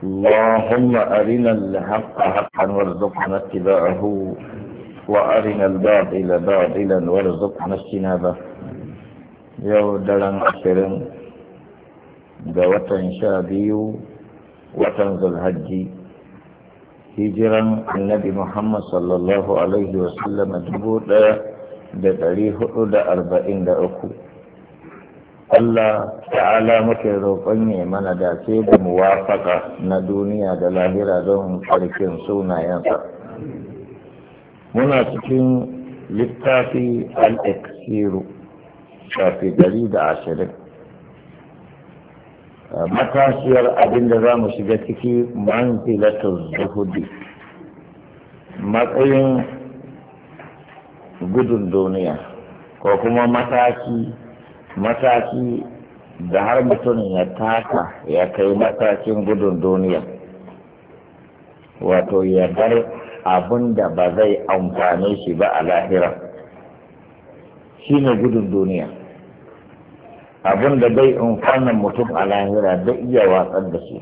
اللهم أرنا الحق حقا وارزقنا اتباعه وأرنا الباطل باطلا وارزقنا اجتنابه يودرا عشرين دوتا شابي وتنزل هجي هجرا النبي محمد صلى الله عليه وسلم دبوتا da ɗari أربعين da arba'in Allah ta'ala muke roƙon ya mana dace da muwafaka na duniya da lahira don ƙarfin sunayensa. Muna cikin littafi al-iksiru shafi dari da ashirin. Matashiyar abin da za mu shiga ciki manzilatul zuhudi matsayin gudun duniya ko kuma mataki mataki da har mutum ya taka ya kai matakin gudun duniya wato ya bar abin da ba zai amfane shi ba a lahira shi ne gudun duniya abin da bai amfanin mutum a lahira da iya watsar da shi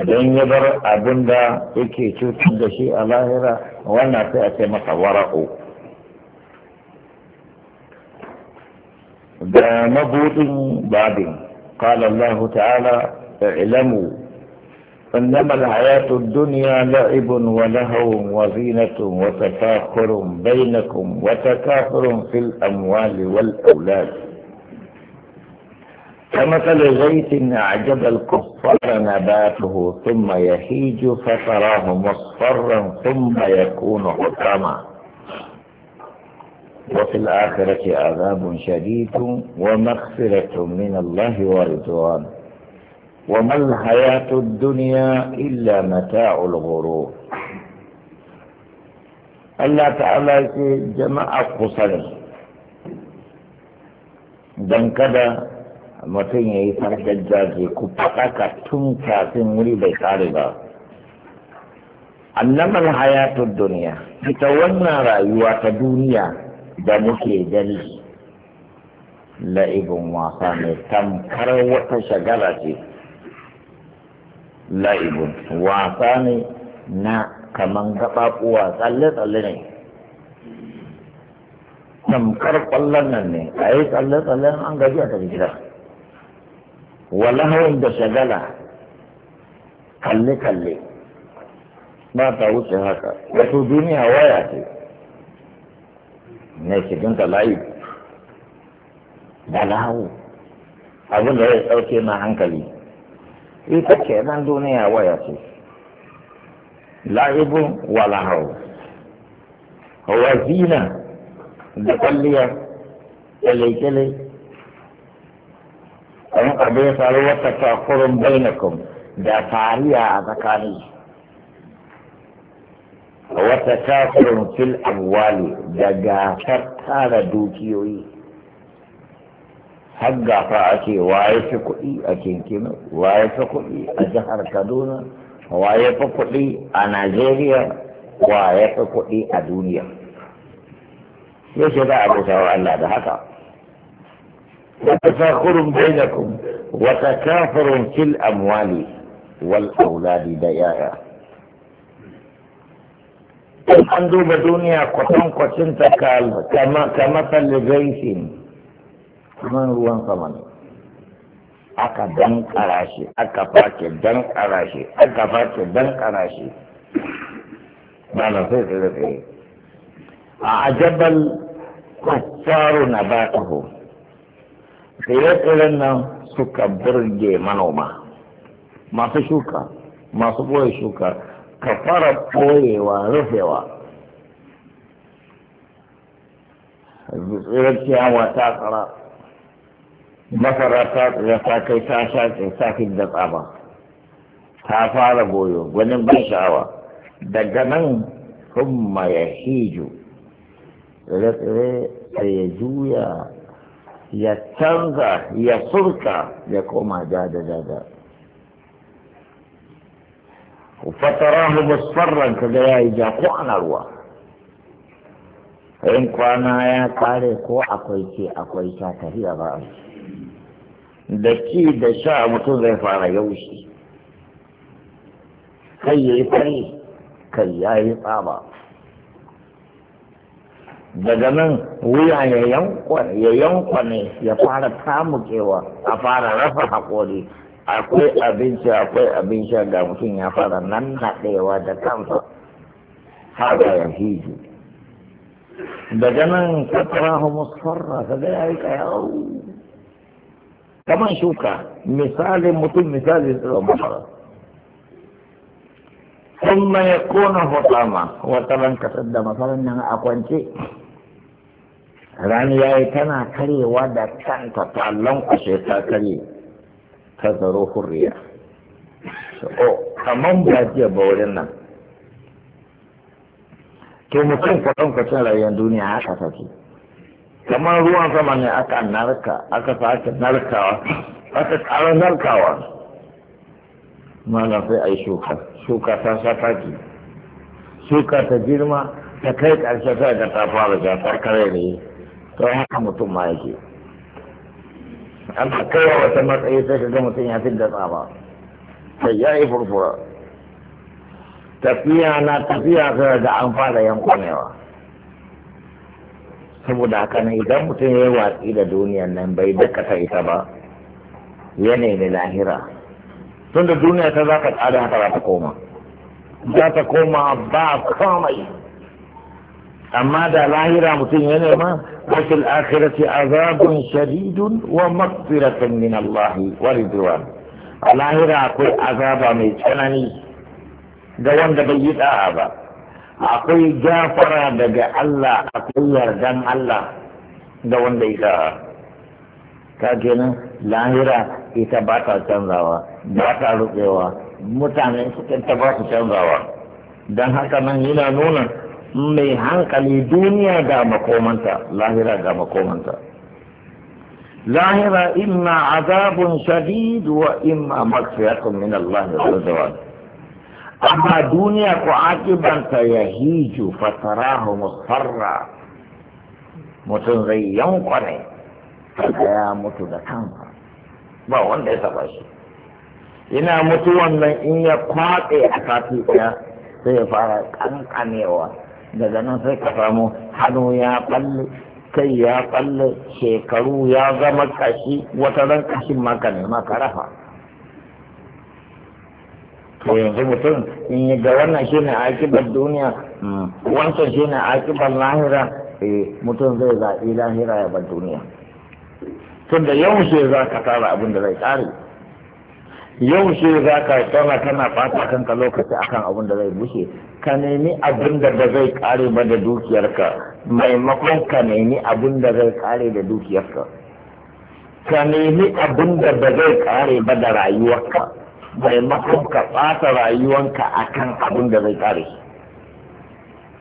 idan ya bar abin da yake cutar da shi a lahira wannan sai a ce masa wara'u ده بعد قال الله تعالى اعلموا إنما الحياة الدنيا لعب ولهو وزينة وتفاخر بينكم وتكاثر في الأموال والأولاد كمثل زيت أعجب الكفار نباته ثم يهيج فتراه مصفرا ثم يكون حطاما وفي الآخرة عذاب شديد ومغفرة من الله ورضوان وما الحياة الدنيا إلا متاع الغرور الله تعالى في جمع قصر دن كذا متن يفر دجاج كبقك تم كاسم ولي أنما الحياة الدنيا تتوانى رأيوات دنيا da muke gani la'ibin wasa ne tamkar wata shagala ce la'ibin wasa ne na kaman gaɓaɓuwa tsalle-tsalle ne tamkar ƙwallon nan ne a yi tsalle-tsalle an gaji a tafi gida walahawin da shagala kalle-kalle ba ta wuce haka wato duniya waya ce Na shigin da layi da lawo abin da ya ɗauke na hankali ita ce nan duniya waya ce la'ibun wa lahau wa zina da kwalliya kyale-kyale an abin ya faru wata takurin bainakon da fariya a tsakanin. وتكاثر في الأموال دقا شرطا لدوكيوي حقا فأتي وايفقئي أتنكما وايفقئي أجهر كدونا وايفقئي أنازيريا وايفقئي أدونيا يشدع بسوء الله بحقا وتكاثر بينكم وتكاثر في الأموال والأولاد دقا in an duba duniya kwatankwacin ta kama talibaishin kamar ruwan sama ne aka dan karashi aka fake dan karashi aka fake dan karashi na sai tsere tsere a ajabal kwasaro na ho tsire-tsiren nan suka burge manoma masu shuka masu boye shuka ka fara koyewa rufewa tsirar ciyawa ta tsara masara ta tsira ta kai ta shaƙe ta da tsaba ta fara goyo gwanin ban sha'awa daga nan humma ya hiju tsire-tsire ya juya ya canza ya surka ya koma jada-jada fatarahu musfarran kaga yayi ja ko ana ruwa in kwana ya kare ko akwai ce akwai sha tafiya ba a da ci da sha mutum zai fara yaushi kai ya yi fari kai ya yi tsaba daga nan wuya ya yankwane ya fara tamukewa a fara rasa haƙori akwai abinci akwai abin sha ga mutum ya fara nan haɗewa da kansa haɗa da ya hiji daga nan ka tara musfarra ka ga yayi kayau kaman shuka misalin mutum misalin tsirran masara ثم wata هطاما da كسد nan a kwance. rani ya yi tana karewa da kanta ta lankwashe ta kare ka zaro hurriya o oh, kaman ba jiya ba wurin nan to mutum kwatankwacin rayuwar duniya haka take kamar ruwan sama ne aka narka aka sake narkawa aka tsara narkawa mana sai a yi shuka shuka ta sha taki shuka ta girma ta kai ƙarshe sai ga ta fara jafar kare ne to haka mutum ma yake amma kaiwa wata matsayi sai ka ga mutum ya fi da tsaba sai ya yi furfura tafiya na tafiya sai da an fara yankunewa saboda haka ne idan mutum ya yi watsi da duniyan nan bai dakata ita ba yanayi na lahira tunda duniya ta za ka tsada haka za ta koma za ta koma ba komai amma da lahira mutum ya nema wakil akhirati azabun shadidun wa maghfiratan min Allah wa ridwan a lahira akwai azaba mai tsanani ga wanda bai yi da'a ba akwai gafara daga Allah akwai yardan Allah ga wanda ya da'a ka kenan lahira ita ba ta canzawa ba ta rutsewa mutane suka ta ba su canzawa don haka nan yana nuna mai hankali duniya ga makomanta lahira ga makomanta lahira imma azabun shadid wa imma maghfiratun min Allah azza amma duniya ko akibanta ya hiju fatarahu musfarra mutum zai yankwane kaga ya mutu da kansa ba wanda ya taba shi ina mutu wannan in ya kwaɗe a sati ɗaya sai ya fara ƙanƙanewa daga nan sai ka samu hannu ya balle kai ya balle shekaru ya zama kashi wata ran kashin maka ne maka rafa to yanzu mutum in ga wannan shi ne akibar duniya wancan shi ne akibar lahira e mutum zai zaɓi lahira ya bar duniya tunda yaushe za ka tara abin da zai ƙare yau shi za ka tsara kana ɓata kanka lokaci akan abin da zai bushe ka nemi abin da ba zai kare ba da dukiyarka maimakon ka nemi abin da zai kare da dukiyarka ka nemi abin da ba zai kare ba da rayuwarka maimakon ka ɓata rayuwanka akan abin da zai kare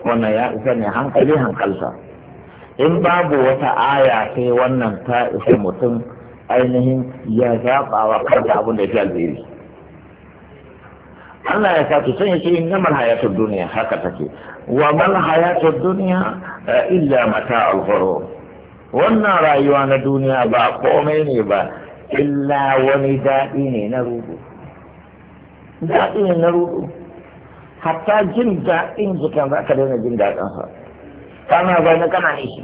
wannan ya isa ne hankali hankalsa in babu wata aya sai wannan ta isa mutum ainihin ya zaɓa wa kanta abin da ya fi yi Allah ya sa sun yake yin gamar hayatar duniya haka take wa mal hayatar duniya eh, illa mata alhoro wannan rayuwa na duniya ba komai ne ba illa wani daɗi ne na rudu daɗi ne na rudu hatta jin daɗin zukan za ka daina jin daɗinsa kana zaune kana nishi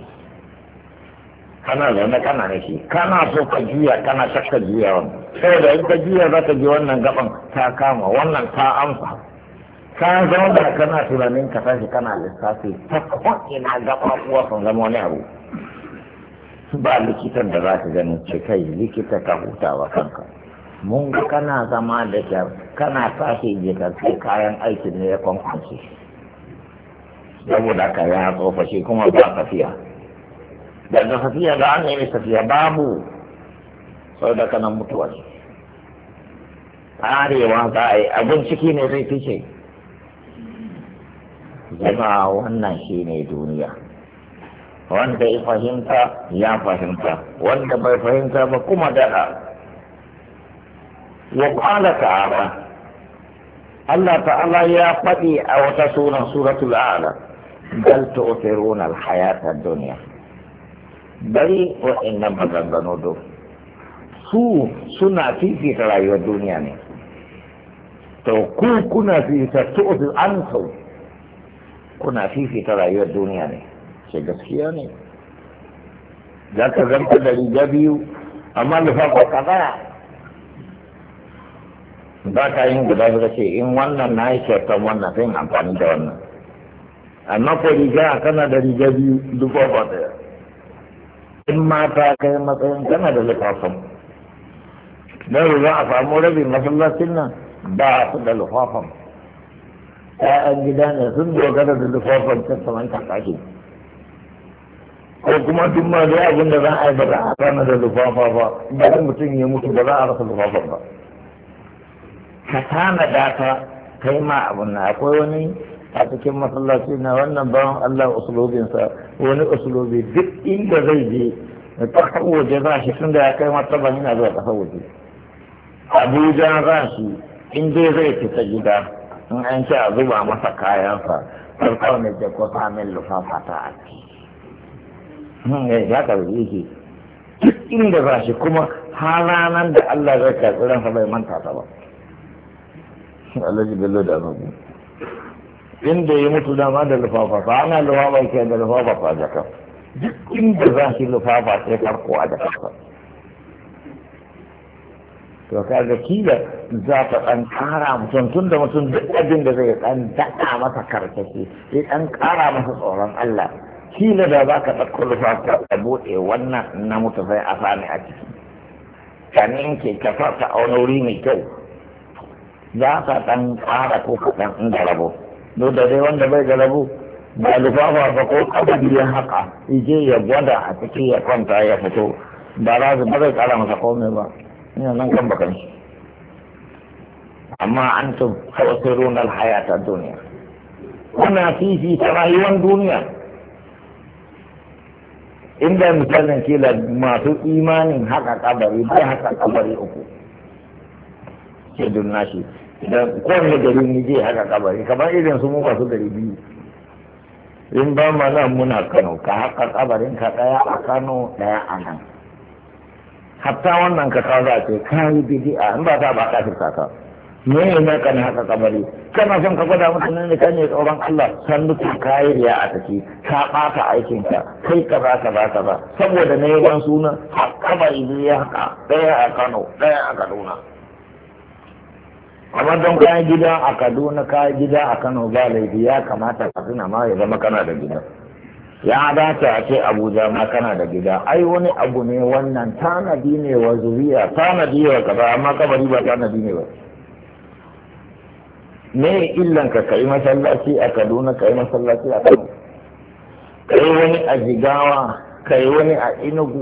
kana zaune kana nake kana so ka juya kana shakka juya wannan saboda in ka juya za ka ji wannan gaban ta kama wannan ta amsa ka zauna kana tunanin ka tashi kana lissafi ta ina gaba kuwa sun zama wani abu ba likitan da za ka gani ce kai likita ka huta wa kanka mun kana zama da kyar kana tashi jikarci kayan aikin ne ya kwankwanci. saboda ka ya tsofa kuma ba tafiya daga tafiya da an nemi tafiya babu sau da kanan mutuwa ah, ne arewa za a yi abin ciki ne zai fice zama wannan shi ne duniya wanda ya fahimta ya fahimta wanda bai fahimta ba kuma daɗa wa ƙwala ta'ala Allah ta'ala ya faɗi a wata sunan suratul ala bal tu'thiruna al-hayata ad-dunya Dari waɗannan maganganu do su suna fifita rayuwar duniya ne to ku kuna fifita tu'tu an sau kuna fifita rayuwar duniya ne ce gaskiya ne za ka zanta da riga biyu amma lufafa ka tsaya ba ka yin guda suka ce in wannan na yi kyautan wannan sai amfani da wannan amma ko riga kana da riga biyu lufafa ɗaya in mata kai matsayin tana da lufafan don za a samu rabin masallacin nan ba su da lufafan ta'yan gida ne sun dogara da lufafan ta saman kakaki ko kuma duk ma da abin da za a yi ba za a da lufafa ba ba mutum ya mutu ba za a rasa lufafan ba ka tana data kai ma abin na akwai wani a cikin masallaci na wannan bawan Allah usulobinsa wani usulobi duk inda zai je da ƙasar waje za shi tun da ya kai martaba yana zuwa ƙasar waje abuja za shi in dai zai fita gida in an ce a zuba masa kayansa farko ne da ko samun lufafa ta ake hmm, eh, ya karbi yake duk inda za shi kuma har da Allah zai karɓi ransa bai manta ta ba. Allah ji bello da annabi. inda ya mutu dama da lufafafa ana lufafa ke da lufafafa a jaka duk inda za shi lufafa sai farko a jaka to kaga kila za ta ɗan ƙara mutum tun da mutum duk abin da zai ɗan daɗa masa karkashi sai ɗan ƙara masa tsoron Allah kila da za ka ɗauko lufafa a buɗe wannan na mutu sai a sami a ciki ka ninke ka sa ta auna wuri mai kyau za ka ɗan ƙara ko kaɗan inda rabo duk da dai wanda bai ga rabu ba lufafa ba ko kabari ya haka ije ya gwada a ciki ya kwanta ya fito ba za su ba zai kara masa komai ba ina nan kan bakan shi amma an ta kawasai haya hayata duniya kuna fifita rayuwar duniya inda misalin kila masu imanin haka kabari bai haka kabari uku ke dunna shi da kowane gari ne zai haka kabari kamar irin su muka su gari biyu in ba ma nan muna kano ka haka kabarin ka daya a kano daya a nan hatta wannan ka kawo za ce ka yi a in ba ta ba ka shirka ka me ne na kana haka kabari kana son ka gwada mutane ne kan ne tsoron Allah san duka yi riya a take ka bata aikin ka kai ka ba ka ba ka ba saboda wani suna haka kabari ya haka daya a kano daya a kaduna amma don kayan gida a kaduna kayan gida a kano ba laifi ya kamata ka tuna ma ya zama kana da gida ya dace a ce abuja ma kana da gida ai wani abu ne wannan tanadi ne wa zuriya tanadi wa kaza amma kabari ba tanadi ne ba me illan ka kai masallaci a kaduna kai masallaci a kano kai wani a jigawa kai wani a inugu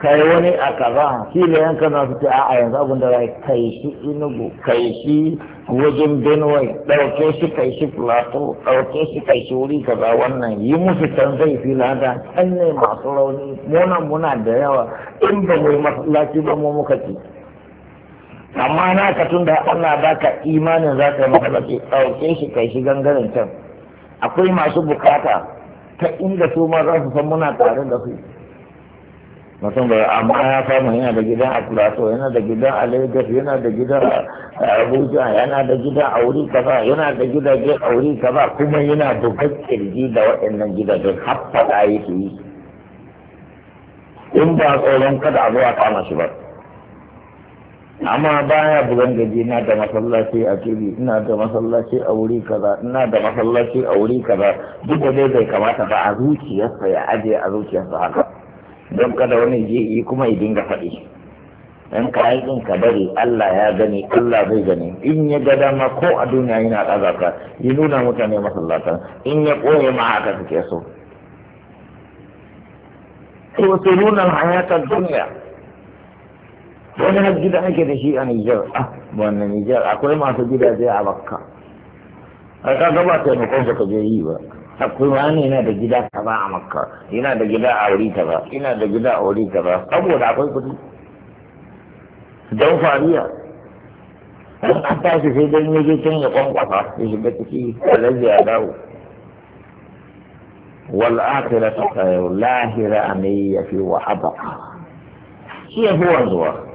kai wani a kaza shi ne yan kana su ce a yanzu abin da kai shi inugu kai shi wajen benue ɗauke shi kai shi plato ɗauke shi kai shi wuri kaza wannan yi musu can zai fi lada can ne masu rauni muna muna da yawa in ba mu yi masallaci ba mu muka ci amma na ka tun da Allah ka imanin za ka yi masallaci ɗauke shi kai shi gangaren can akwai masu bukata ta inda su ma za su san muna tare da su mutum bai amma ya samu yana da gidan a plateau yana da gidan a lagos yana da gidan a abuja yana da gidan a wuri kaza yana da gidaje a wuri kaza kuma yana bugar kirji da waɗannan gidajen har faɗa yake yi in ba tsoron kada a zo a kama shi ba amma baya bugan gaji ina da masallaci a kiri ina da masallaci a wuri kaza ina da masallaci a wuri kaza duk da dai bai kamata ba a zuciyarsa ya aje a zuciyarsa haka don kada wani je yi kuma ya dinga faɗi in ka yi ɗin ka bari Allah ya gani Allah zai gani in ya ga dama ko a duniya yana ɗaga ka yi nuna mutane masallatan in ya ƙoye ma haka suke so sai wasu nuna hayatar duniya wani har gida ake da shi a Nijar ah wannan Nijar akwai masu gidaje a Bakka a ka gaba taimakon ka je yi ba akwai wani yana da gida ka ba a makka yana da gida a wuri ka ba yana da gida a wuri ka ba saboda akwai kuɗi don fariya don an tashi sai don yaje can ya kwankwasa ya shiga ciki alaji ya dawo wal akhiratu khairu lahira amiyya fi wa abqa shi ya fi wanzuwa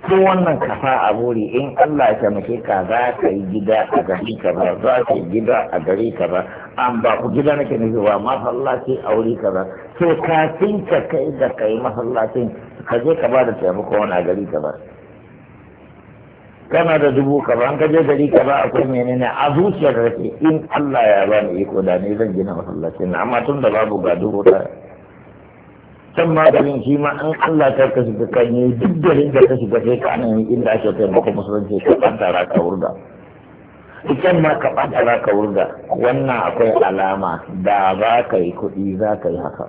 ko wannan kafa a buri in Allah ya taimake ka za ka yi gida a gari ka ba za ka yi gida a gari ka ba an ba ku gida nake nufi ba masallaci a wuri ka ba to kafin ka kai da ka yi masallacin ka je ka ba da taimako wani a gari ka ba. kana da dubu ka ba an ka je gari ba akwai menene a zuciyar kake in Allah ya bani iko da ni zan gina masallacin amma tun da babu ga dubu ta can maganin shi ma an Allah ta ka shiga kan duk da da ka shiga sai ka nan inda ake maka musulunci ka ɓata raka wurga ikan ma ka ɓata raka wurga wannan akwai alama da za ka yi kuɗi za ka yi haka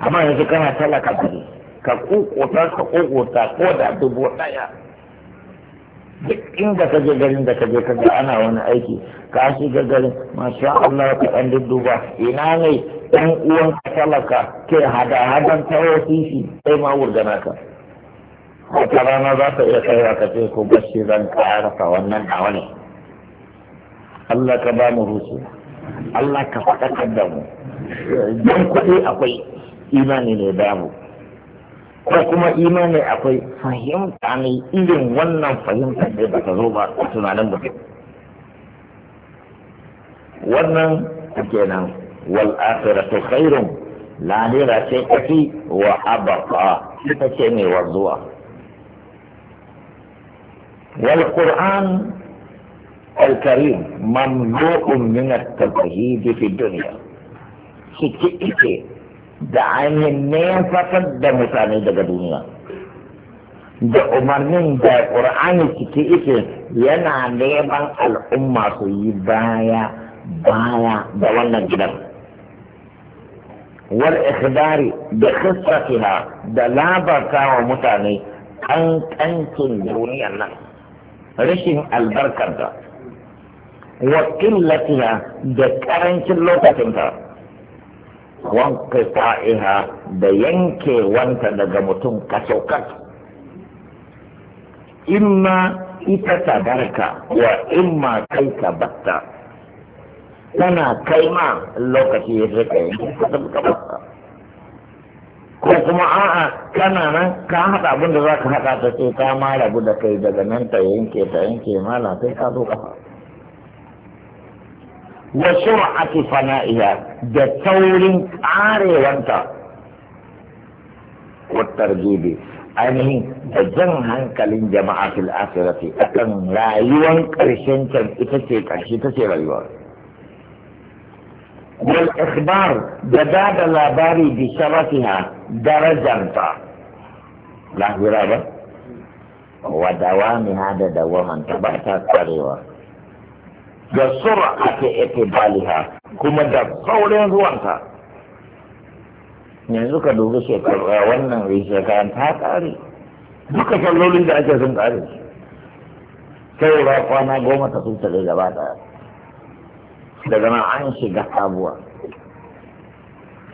amma yanzu kana talaka kuɗi ka kokota ka kokota ko da dubu ɗaya duk inda ka je garin da ka je ka ga ana wani aiki ka shiga garin masha Allah ka ɗan dudduba ina ne ɗan uwan talaka ke hada-hadan tawo sisi sai ma wurgana ka wata rana za ta iya kaiwa ka ce ko bashi zan karasa wannan nawa ne Allah ka ba mu hutu Allah ka faɗakar da mu don kuɗi akwai imani ne damu ko kuma imani akwai fahimta ne irin wannan fahimta ne ba ta zo ba tunanin mutum wannan kenan والآخرة خير لا نرى شيئك وأبقى تتشمي والضوء والقرآن الكريم مملوء من التوحيد في الدنيا شكيئك دعاني النين فقط دمتاني دقى دنيا da umarnin da ƙur'ani cike ike yana neman al'umma su yi baya baya da wannan wal ikhdari da qissatiha da labarta wa mutane kankancin duniyar nan rashin albarkar da wa qillatiha da karancin lokacinta wanka ta'iha da yankewanta daga mutum kasaukar imma ita ta barka wa imma kai ka batta tana kai ma lokaci ya fi ko kuma a'a kana nan ka haɗa abin da za ka haɗa ta ce ta ma rabu da kai daga nan ta yanke ta yanke mala sai ka zo kafa wa sur'ati fana'iha da taurin ƙarewanta wa tarjibi ainihin da jan hankalin jama'a fil akan rayuwan karshen can ita ce ƙarshe ta ce rayuwa والإخبار جداد الأباري بشرفها درجة لا هرابة ودوام هذا دوام تبعتها قريبا بسرعة اقبالها كما دفور روانها yanzu ka dubi shekaru eh, wannan shekaran ta ƙare duka sallolin da ake sun ƙare sai ba kwana goma ta sun tare gaba ɗaya daga nan an shiga sabuwa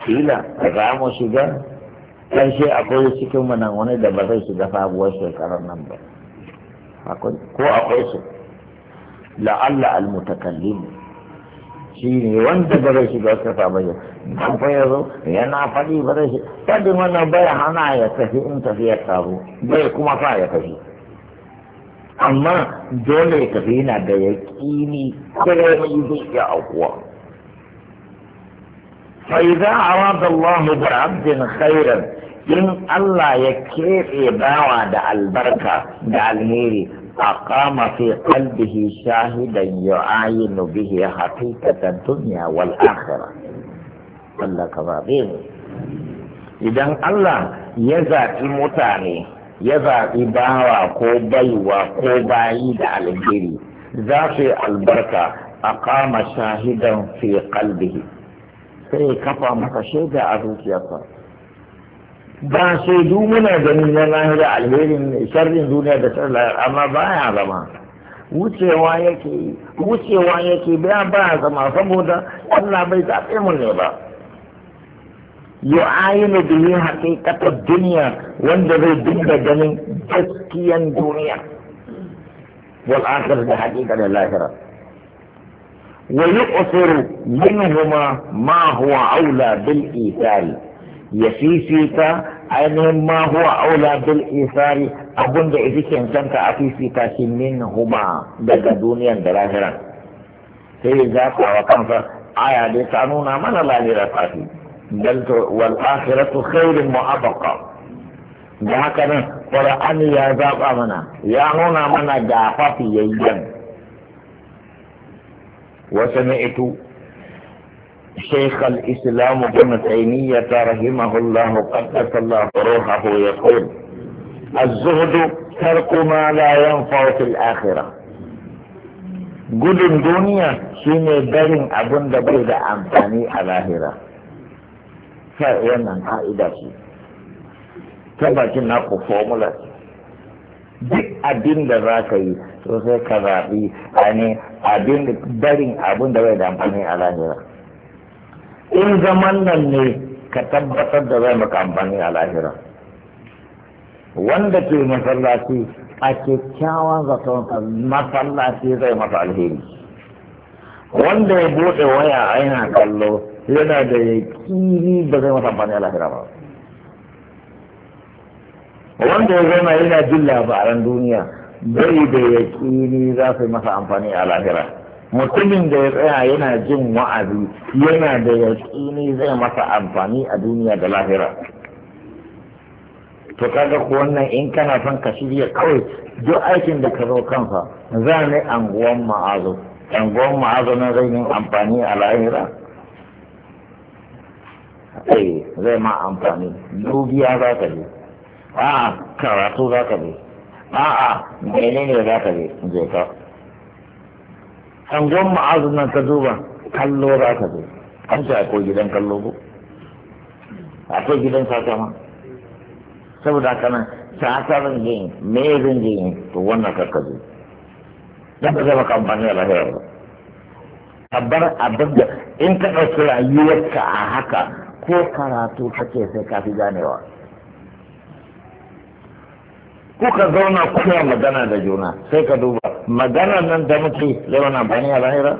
kila daga mu shiga kan shi akwai cikin mu nan wani da ba zai shiga sabuwar shekarar nan ba ko akwai su la'alla al-mutakallim shi ne wanda ba zai shiga kafa ba ya ba fa ya zo yana faɗi ba zai shiga kadin wannan bai hana ya tafi in tafiya taro bai kuma sa ya tafi amma dole ka fi yana da ya kini kere mai zai ya aukuwa sai za a wata Allah mu in Allah ya keɓe bawa da albarka da alheri a kama fi kalbihi shahidan yi ayi nubi ya hafi Allah idan Allah ya zaɓi mutane ya zaɓi bawa ko baiwa ko bayi da alheri za su yi albarka a kama shahidan fi kalbihi sai ya kafa masa shaida a zuciyarsa ba shaidu muna gani na lahira alherin sharrin duniya da sharrin amma ba ya zama wucewa yake wucewa yake ba ya zama saboda Allah bai zaɓe mu ne ba yu'ayinu bihi haqiqatar duniya wanda zai dinga ganin gaskiyan duniya wal akhir da haqiqatar lahira wa yuqsiru minhuma ma huwa aula bil isari ya fifita ainihin ma huwa aula bil isari abunda ifi cancanta a fifita shi minhuma daga duniyan da lahiran sai ya zafawa kansa aya dai ta nuna mana lahira tafi بل والآخرة خير وأبقى da قرآن يا ذاق أمنا يا نونا منا nuna في da وسمعت شيخ الإسلام ابن تيمية رحمه الله قدس الله روحه يقول الزهد ترك ما لا ينفع في الآخرة قل الدنيا شين دارين أبن دبيد أمتاني الآخرة sai wannan ka'ida ce ta bakin naku formula duk abin da za ka yi to sai ka zaɓi ne abin da barin abin da bai da amfani a lahira in zaman nan ne ka tabbatar da zai maka amfani a lahira wanda ke masallaci a kyakkyawan zaton masallaci zai masa alheri wanda ya buɗe waya a yana kallo yana da yaƙini ba zai masa amfani a lahira ba wanda ya zama yana jin labaran duniya bai da yaƙini za su masa amfani a lahira mutumin da ya tsaya yana jin wa'azi yana da yaƙini zai masa amfani a duniya da lahira to kaga ko wannan in kana son ka shirya kawai duk aikin da ka zo kansa za ne anguwan ma'azo anguwan ma'azo na zai yin amfani a lahira kai eh, zai ma amfani dubiya za ka je a'a karatu za ka je a'a menene za ka je je ka angon ma'azin nan ka duba kallo za ka je an ce akwai gidan kallo ko akwai gidan sata ma saboda haka nan satarin jin me zan jin to wannan ka je dan ba zai maka amfani da lahiyar ba abbar abin da in ka ɗauki rayuwarka a haka ko karatu kake sai ka fi ganewa kuka zauna kuna magana da juna sai ka duba magana nan da muke zauna bani a lahira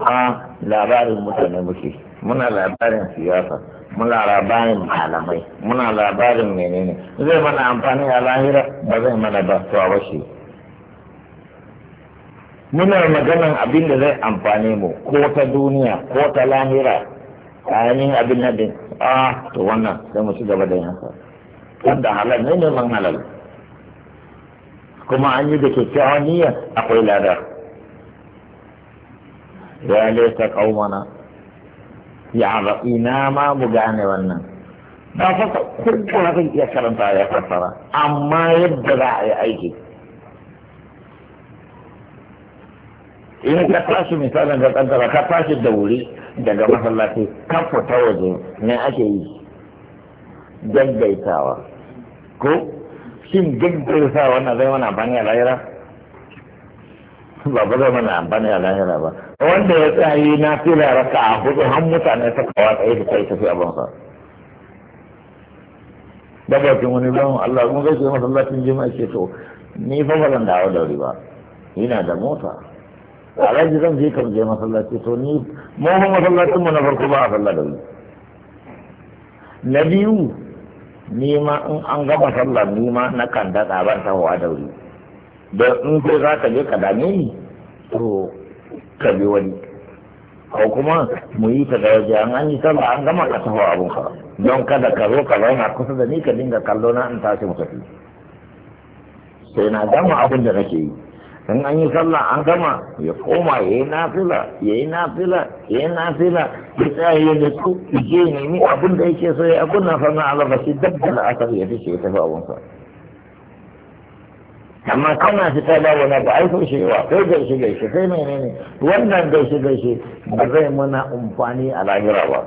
a labarin mutane muke muna labarin siyasa muna labarin malamai muna labarin menene zai mana amfani a lahira ba zai mana ba to a muna maganan abin da zai amfane mu ko ta duniya ko ta lahira kayanin abin na din a to wannan sai mu ci gaba da yanka wanda halal ne ne man halal kuma an yi da kyakkyawan niyya akwai lada ya laita kaumana ya ina ma mu gane wannan na fasa kuma zai iya karanta ya fasara amma yadda za a yi aiki in ka tashi misalin ga kaddara ka tashi da wuri daga masallaci kan fita waje ne ake yi gaggaitawa ko shin gaggaitawa na zai mana amfani a lahira ba ba zai mana amfani a lahira ba wanda ya tsaye na fila raka a hudu han mutane suka tsaye da kai tafi abin sa daga cikin wani lamun Allah kuma zai ce masallacin jima'a ce to ni fa ba zan dawo da wuri ba ina da mota alhaji zan je kan je masallaci to ni mu masallacin mu na farko ba a sallah da wuri na biyu ni ma in an gama sallah ni ma na kan daɗa ban tahowa da wuri don in sai za ka je ka dame ni to ka bi wani ko kuma mu yi ta da waje an an yi sallah an gama ka taho abun ka don kada ka zo ka zauna kusa da ni ka dinga kallo na in tashi mu tafi sai na gama abun da nake yi in an yi sallah an gama ya koma ya yi nafila ya yi nafila ya yi nafila ya tsaya ya nutsu ya nemi abin da yake so ya abin na sannan alabashi dab da la'asar ya fice ya tafi abunsa amma kana fita babu na ba aiko shi wa kai gaishe gaishe kai menene wannan gaishe gaishe ba zai mana amfani a lahira ba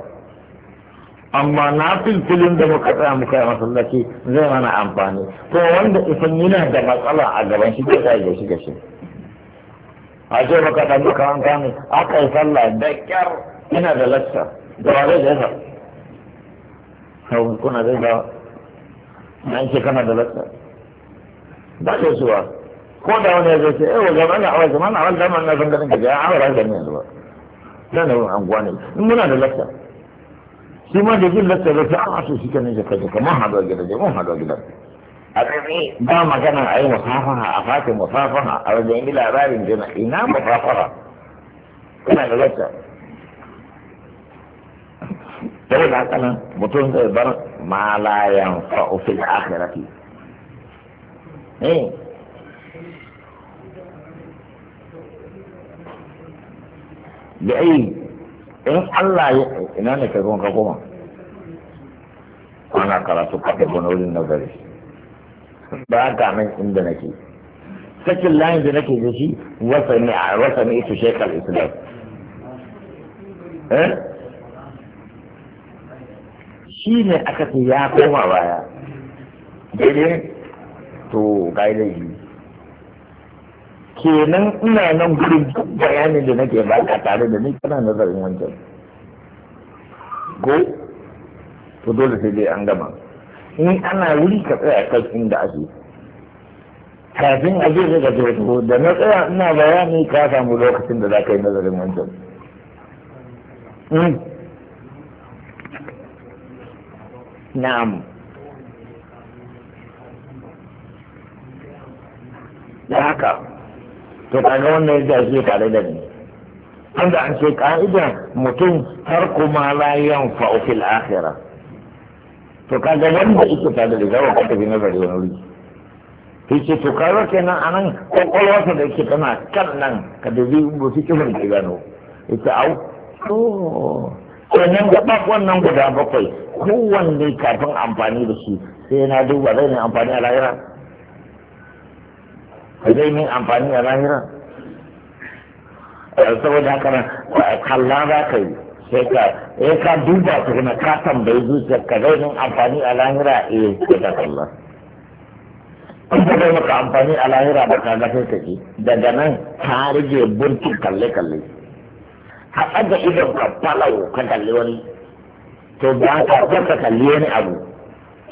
amma na filfilin da muka tsaya muka yi masallaci zai mana amfani to wanda isan yana da matsala a gaban shi zai kai gashi gashi a ce baka muka an ne aka yi sallah da kyar ina da lacca da ba zai zai kuna zai ba na ce kana da lacca ba ke suwa ko da wani ya zai ce eh wajen ana awal zaman awal zaman na san ganin gaji an awal ganin yanzu ba nan da wani anguwa ne in muna da lacca shi ma da jin lasta da ta asu shi kan jaka jaka mun haɗu gida je mun haɗu gida a tsaye ba magana a yi musafaha a fatin musafaha a wajen yi labarin jina ina musafaha kana da lasta sai da haka nan mutum zai bar ma la yanfa'u fil akhirati eh da ai in Allah ya ina ne ka ka koma ana karatu ka kai wani wurin nazari ba ga nan inda nake sakin layin da nake da shi ne a wasani ita shekar islam eh shi ne aka ce ya koma baya daidai to ga laifi kenan ina nan gurin bayanin da nake baka tare da ni kana nazarin wancan go to dole sai dai an gama in ana wuri ka tsaya kan inda ake kafin a je daga to da na tsaya ina bayani ka samu lokacin da za ka yi nazarin wancan hmm. na'am da haka to kaga wannan ya shi tare da ni da an ce ka'ida mutum har kuma la yan fa'ufil akhira to kaga da ita tare da gawa ka tafi nazari wani wuri ce to kaga kenan anan kokolwarsa da ke tana kan nan ka zai ba su kimin da gano Ita au to kenan gaba wannan guda bakwai kowanne kafin amfani da shi sai na duba zai ne amfani a lahira zai min amfani a lahira saboda haka kalla za ka yi sai ka eh ka duba su kuma ka tambayi zuciya. ka zai min amfani a lahira eh sai ka kalla in ka zai maka amfani a lahira ba ka gafe ka ki daga nan ta rage burkin kalle-kalle haɗa da idon ka falawo, ka kalli wani to ba ka kalli wani abu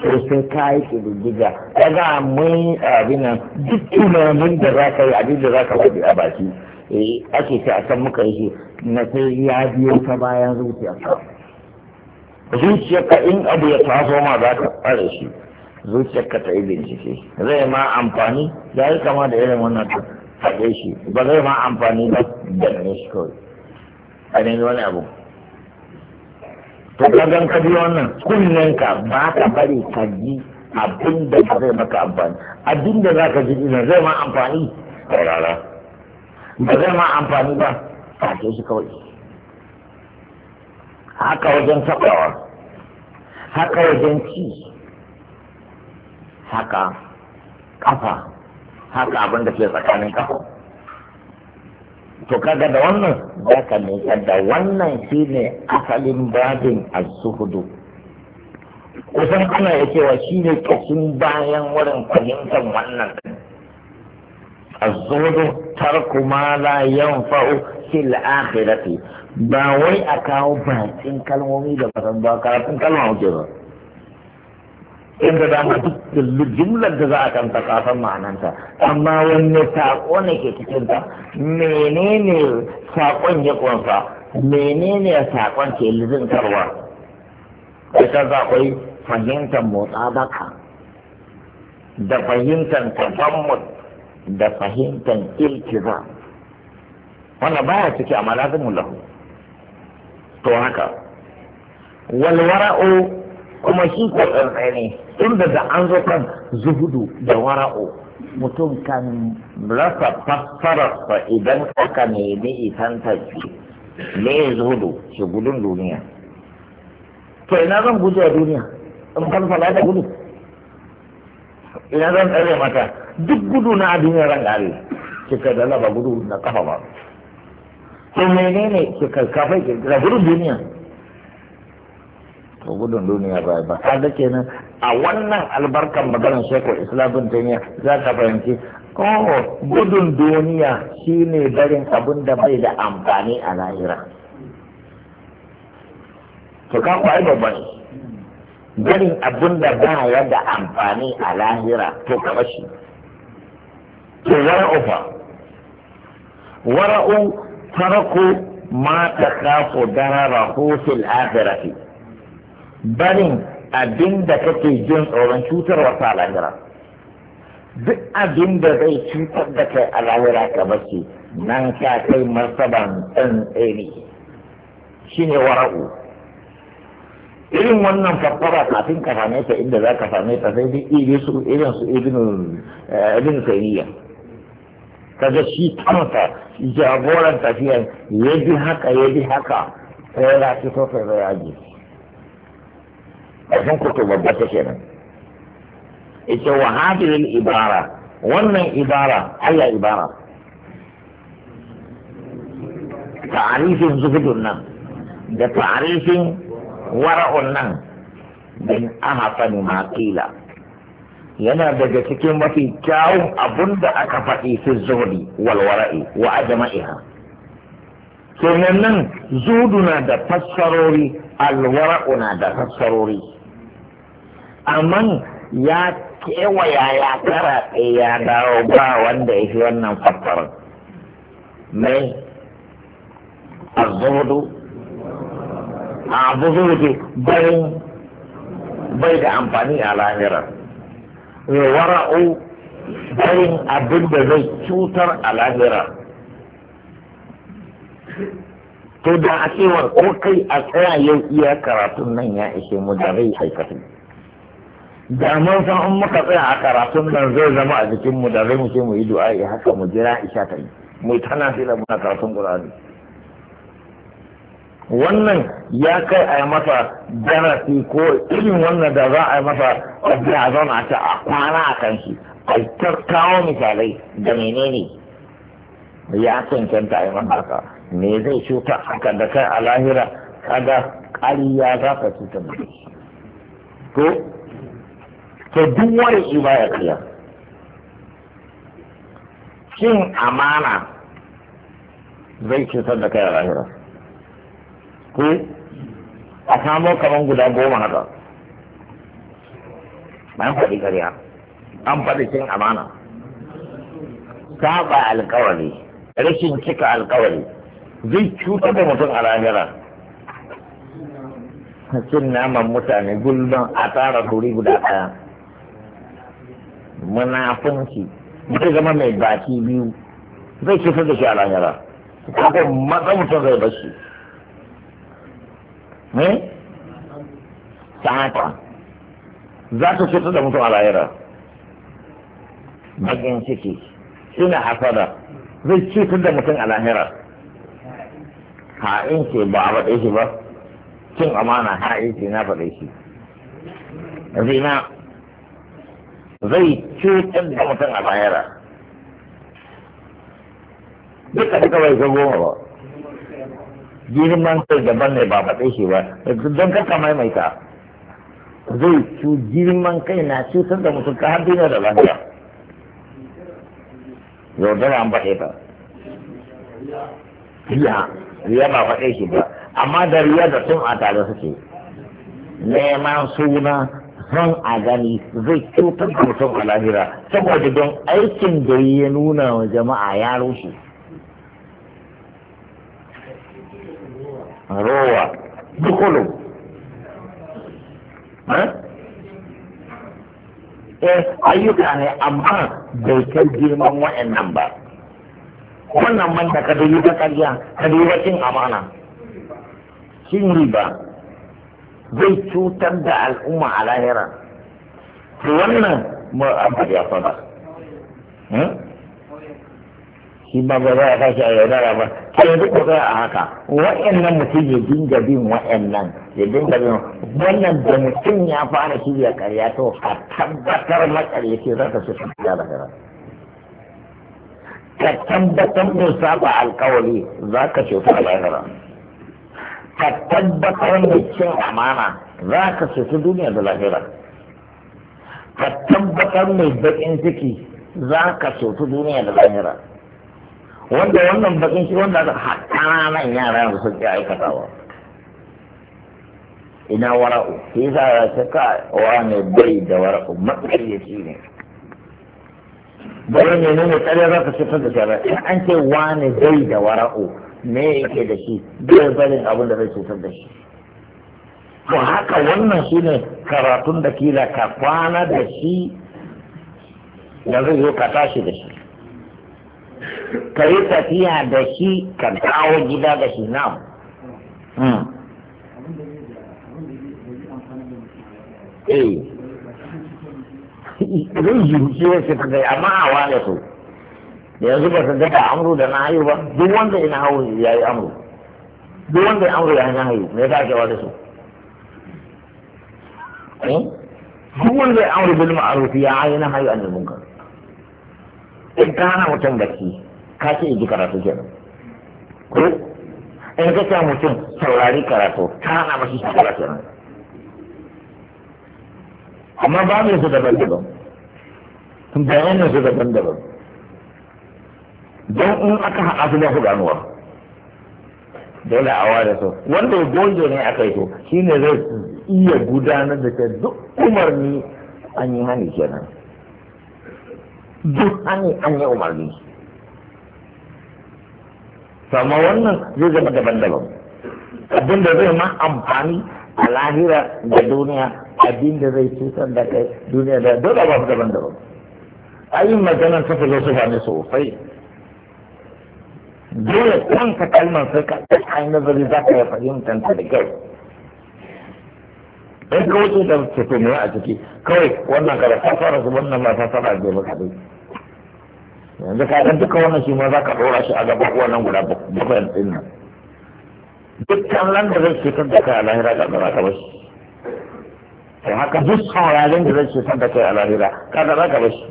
sai sai ka yi ƙididdiga ya ga mun abin nan duk tunanin da za ka yi abin da za ka faɗi a baki eh, ake ta a kan muka yi shi na sai ya biyo ta bayan zuciyarka zuciyarka in abu ya taso ma za ka fara shi zuciyarka ta yi bincike zai ma amfani ya yi kama da irin wannan faɗe shi ba zai ma amfani ba da ne shi kawai a wani abu to gan ka biyo wannan kunnen ka ba ka bari ka ji abin da ba zai maka amfani abin da za ka ji ina zai ma amfani ba zai ma amfani ba ba ke shi kawai haka wajen sabawa haka wajen ci haka kafa haka abin da ke tsakanin kafa to kaga da wannan za ka nisa da wannan shine asalin babin az-zuhudu kusan ana ya cewa shine kashin bayan wurin fahimtar wannan az-zuhudu tarku ma la yanfa'u fil akhirati ba wai a kawo bakin kalmomi da ba san ba karatun kalma muke ba inda da ma duk jumlar da za a kanta kafin ma'ananta amma wanne saƙo ne ke cikinta menene saƙon ya ƙunsa menene saƙon ke lizinkarwa ita za zaɓai fahimtar motsa baka da fahimtar tafammut da fahimtar iltiza wannan baya ciki amma lazimin lahu to haka walwara'u kuma shi ko tsantsai ne tun daga an zo kan zuhudu da wara'u mutum kan rasa fassararsa idan aka nemi isan tafi me zuhudu shi gudun duniya to ina zan guje a duniya in falfala da gudu ina zan tsare mata duk gudu na a duniya ran gare kika da laba gudu na kafa ba to menene kika kafai da gudun duniya to gudun duniya rayuwa ba da kenan a wannan albarkan maganar islam bin duniya za ka fahimci oh gudun duniya shine barin abin da bai da amfani a lahira to ka kwai babban barin abin da ba ya da amfani a lahira to ka bashi to wara'ufa wara'u taraku ma ta kafu dara fil akhirati barin abin da kake jin tsoron cutarwa ta lahira duk abin da zai cutar da kai a lahira ka bace nan ka kai martaban ɗan shi shine wara'u irin wannan fassara kafin ka same ta inda za ka same ta sai duk iri su irin su ibn eh, taymiya kaga shi kansa jagoran tafiyan ya bi haka ya bi haka sai ya fito sai ya ƙarshen kuto babba ta nan ita wa hadirin ibara wannan ibara Allah ibara ta'arifin zubudun nan da ta'arifin wara'un nan bin ahasani maƙila yana daga cikin mafi kyawun abun da aka faɗi fi zuri walwara'i wa ajama'iha kenan nan zuduna da fassarori alwara'u na da fassarori amma ya kewaya ya kara ya dawo ba wanda ya fi wannan fassarar mai azudu a buzudu bayan bai da amfani a lahira wara'u bayan abin da zai cutar a lahira to da a cewar ko kai a tsaya yau iya karatun nan ya ishe mu da rai aikatu da mun san in muka tsaya a karatun nan zai zama a jikin mu da zai mu ce mu yi du'a ya haka mu jira isha ta yi mu tana da muna karatun Qur'ani wannan ya kai a yi masa darasi ko irin wannan da za a yi masa abin a zauna a a kwana a kan shi a kawo misalai da menene ya cancanta a yi masa haka me zai cuta haka da kai a lahira kada kariya za ka cuta ko to duk wani shi baya kariya cin amana zai cutar da kai a lahira ko a samu kamar guda goma haka an faɗi kariya an faɗi cin amana saba alkawari rashin cika alkawari zai cutar da mutum a lahira cin naman mutane gulman a tara turi guda ɗaya munafunci zai zama mai baki biyu zai cutar da shi a lahira kaga matsa mutum zai bashi ne sata za ta cutar da mutum a lahira bakin ciki suna hasada zai cutar da mutum a lahira ha'in ce ba a faɗe shi ba cin amana ha'in ce na faɗe shi zina zai cutar da mutum a lahira duka duka bai ga goma ba girman kai daban ne ba baɗe shi ba don kaka maimaita zai cu girman kai na cutar da mutum ka haɗu ne da lafiya yaudara an baɗe ta riya riya ba baɗe shi ba amma da riya da sun a tare suke neman suna ran a gani zai cutar da mutum a lahira saboda don aikin da ya nuna wa jama'a ya rushe rowa dukulu eh ayyuka ne amma bai kai girman wa'annan ba wannan man da ka dubi ta karya ka dubi cin amana cin riba zai cutar da al'umma a lahira to wannan ma amma ya faɗa. Hmm? shi ba ba za a tashi a yaudara ba sai yanzu ko a haka wa'annan mutum ya dinga bin wa'annan ya dinga bin wannan da mutum ya fara shi ya karya to a tabbatar ce za ta shi da lahira ka tabbatar da saba alkawari za ka ce ta lahira ka tabbatar da cin amana za ka ceto duniya da lahira ka tabbatar mai bakin ciki za ka ceto duniya da lahira wanda wannan bakin ciki wanda ƙananan yara da sun ƙi aikatawa ina wara'u shi yasa ya ce ka wa ne bai da wara'u matsayyaci ne bai ne ne ne kare za ka ceto da shara in an ce wa ne bai da wara'u me yake da shi bai sanin abin da zai cutar da shi to haka wannan shi ne karatun da kila ka kwana da shi da zai zo ka tashi da shi ka yi tafiya da shi ka dawo gida da shi na hmm. eh zai yi shi wasu amma a wane su yanzu ba ka daga amru da na hayu ba duk wanda ina hawo ya yi amru duk wanda ya amru ya yi hayu me ta ake wata su eh? duk wanda ya amru bil ma'arufi ya yi na hayu anil munkar in ka hana mutum baki ka ce ji karatu kenan ko in ka ce mutum saurari karatu ka hana mashi karatu kenan amma ba yi su daban-daban bayanin su daban-daban don in aka haɗa su ba su ganuwa dole a ware su wanda gojo ne aka yi to shi ne zai iya gudanar da ta duk umarni an yi hani kenan duk hannu an yi umarni sama wannan zai zama daban-daban abin da zai ma amfani a lahira da duniya abin da zai cutar da kai duniya da dole ba daban-daban ayin maganar su ba ne sosai dole kanka kalmar sai ka ayi nazari za ka yi ta da kyau in ka wuce da fito ne a ciki kawai wannan kada fara su wannan ba fara bai maka dai yanzu ka ɗan duka wannan shi ma za ka ɗora shi a gaban wannan guda bakwai ɗin nan dukkan nan da zai cutar da kai a lahira ka ɗora ka bashi to haka duk sauraren da zai cutar da kai a lahira ka ɗora ka bashi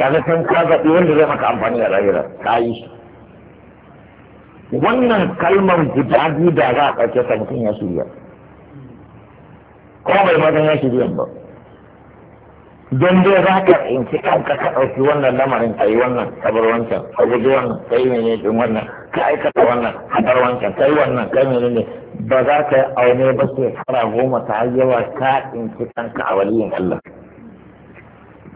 ka san ka zaɓi wanda zai maka amfani a lahira ka yi shi wannan kalmar guda biyu da za a ɗauke ta mutum ya shirya ko bai ma ya shirya ba don dai za ka ci kanka ka ɗauki wannan lamarin ka yi wannan ka bar wancan ka guji wannan ka yi mene ɗin wannan ka aikata wannan ka bar wancan ka yi wannan ka yi mene ne ba za ka yi aune ba shekara goma ta yawa ka tsinci kanka a waliyin Allah.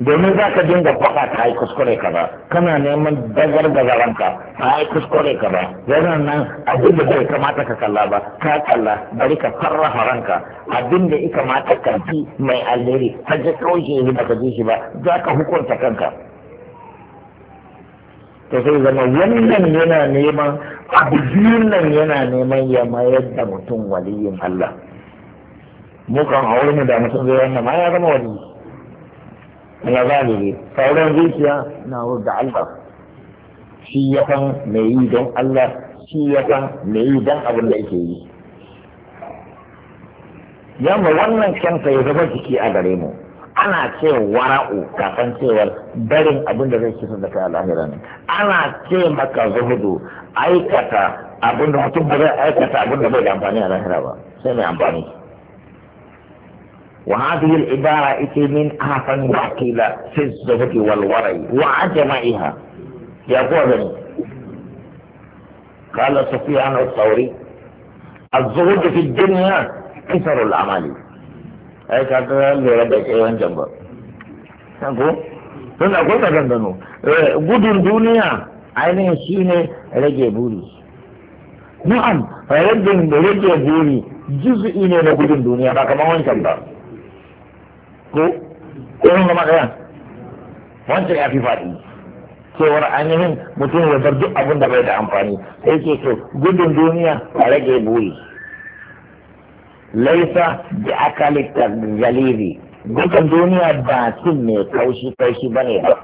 domin za ka dinga faɗa ta yi kuskure ka ba kana neman dagar zaranka ka yi kuskure ka ba yana nan abin da bai kamata ka kalla ba ka kalla bari ka fara haranka abin da ya kamata ka mai alheri ka ji kawai shi ba ka ji shi ba za ka hukunta kanka to sai zama wannan yana neman abu biyun nan yana neman ya mayar da mutum waliyin Allah mu kan aure mu da mutum zai wannan ma ya zama waliyi na zalili sauran zuciya na da Allah shi ya san me yi don Allah shi ya san me yi don abin da yake yi yamma wannan kyanta ya zama jiki a gare mu ana ce wara'u kafin cewar barin abin da zai kisa da kai al'ahira ne ana ce maka zuhudu aikata abin da mutum ba zai aikata abin da bai da amfani a lahira ba sai mai amfani وهذه العبارة من أحسن ما في الزهد والورع وعجمائها يقول قال سفيان الثوري الزهد في الدنيا كثر الأعمال أي كثر اللي ردك إيوان جنبه ko tun akwai maganganu gudun duniya ainihin shi ne rage buri na'am rage buri الدنيا بقى نعم، ما هو duniya الله ko irin na magana wancan ya fi faɗi cewar ainihin mutum ya bar duk abin da bai da amfani sai ke so gudun duniya a rage buri laisa da akali jaliri gudun duniya ba cin mai kaushi kaushi ba ne ba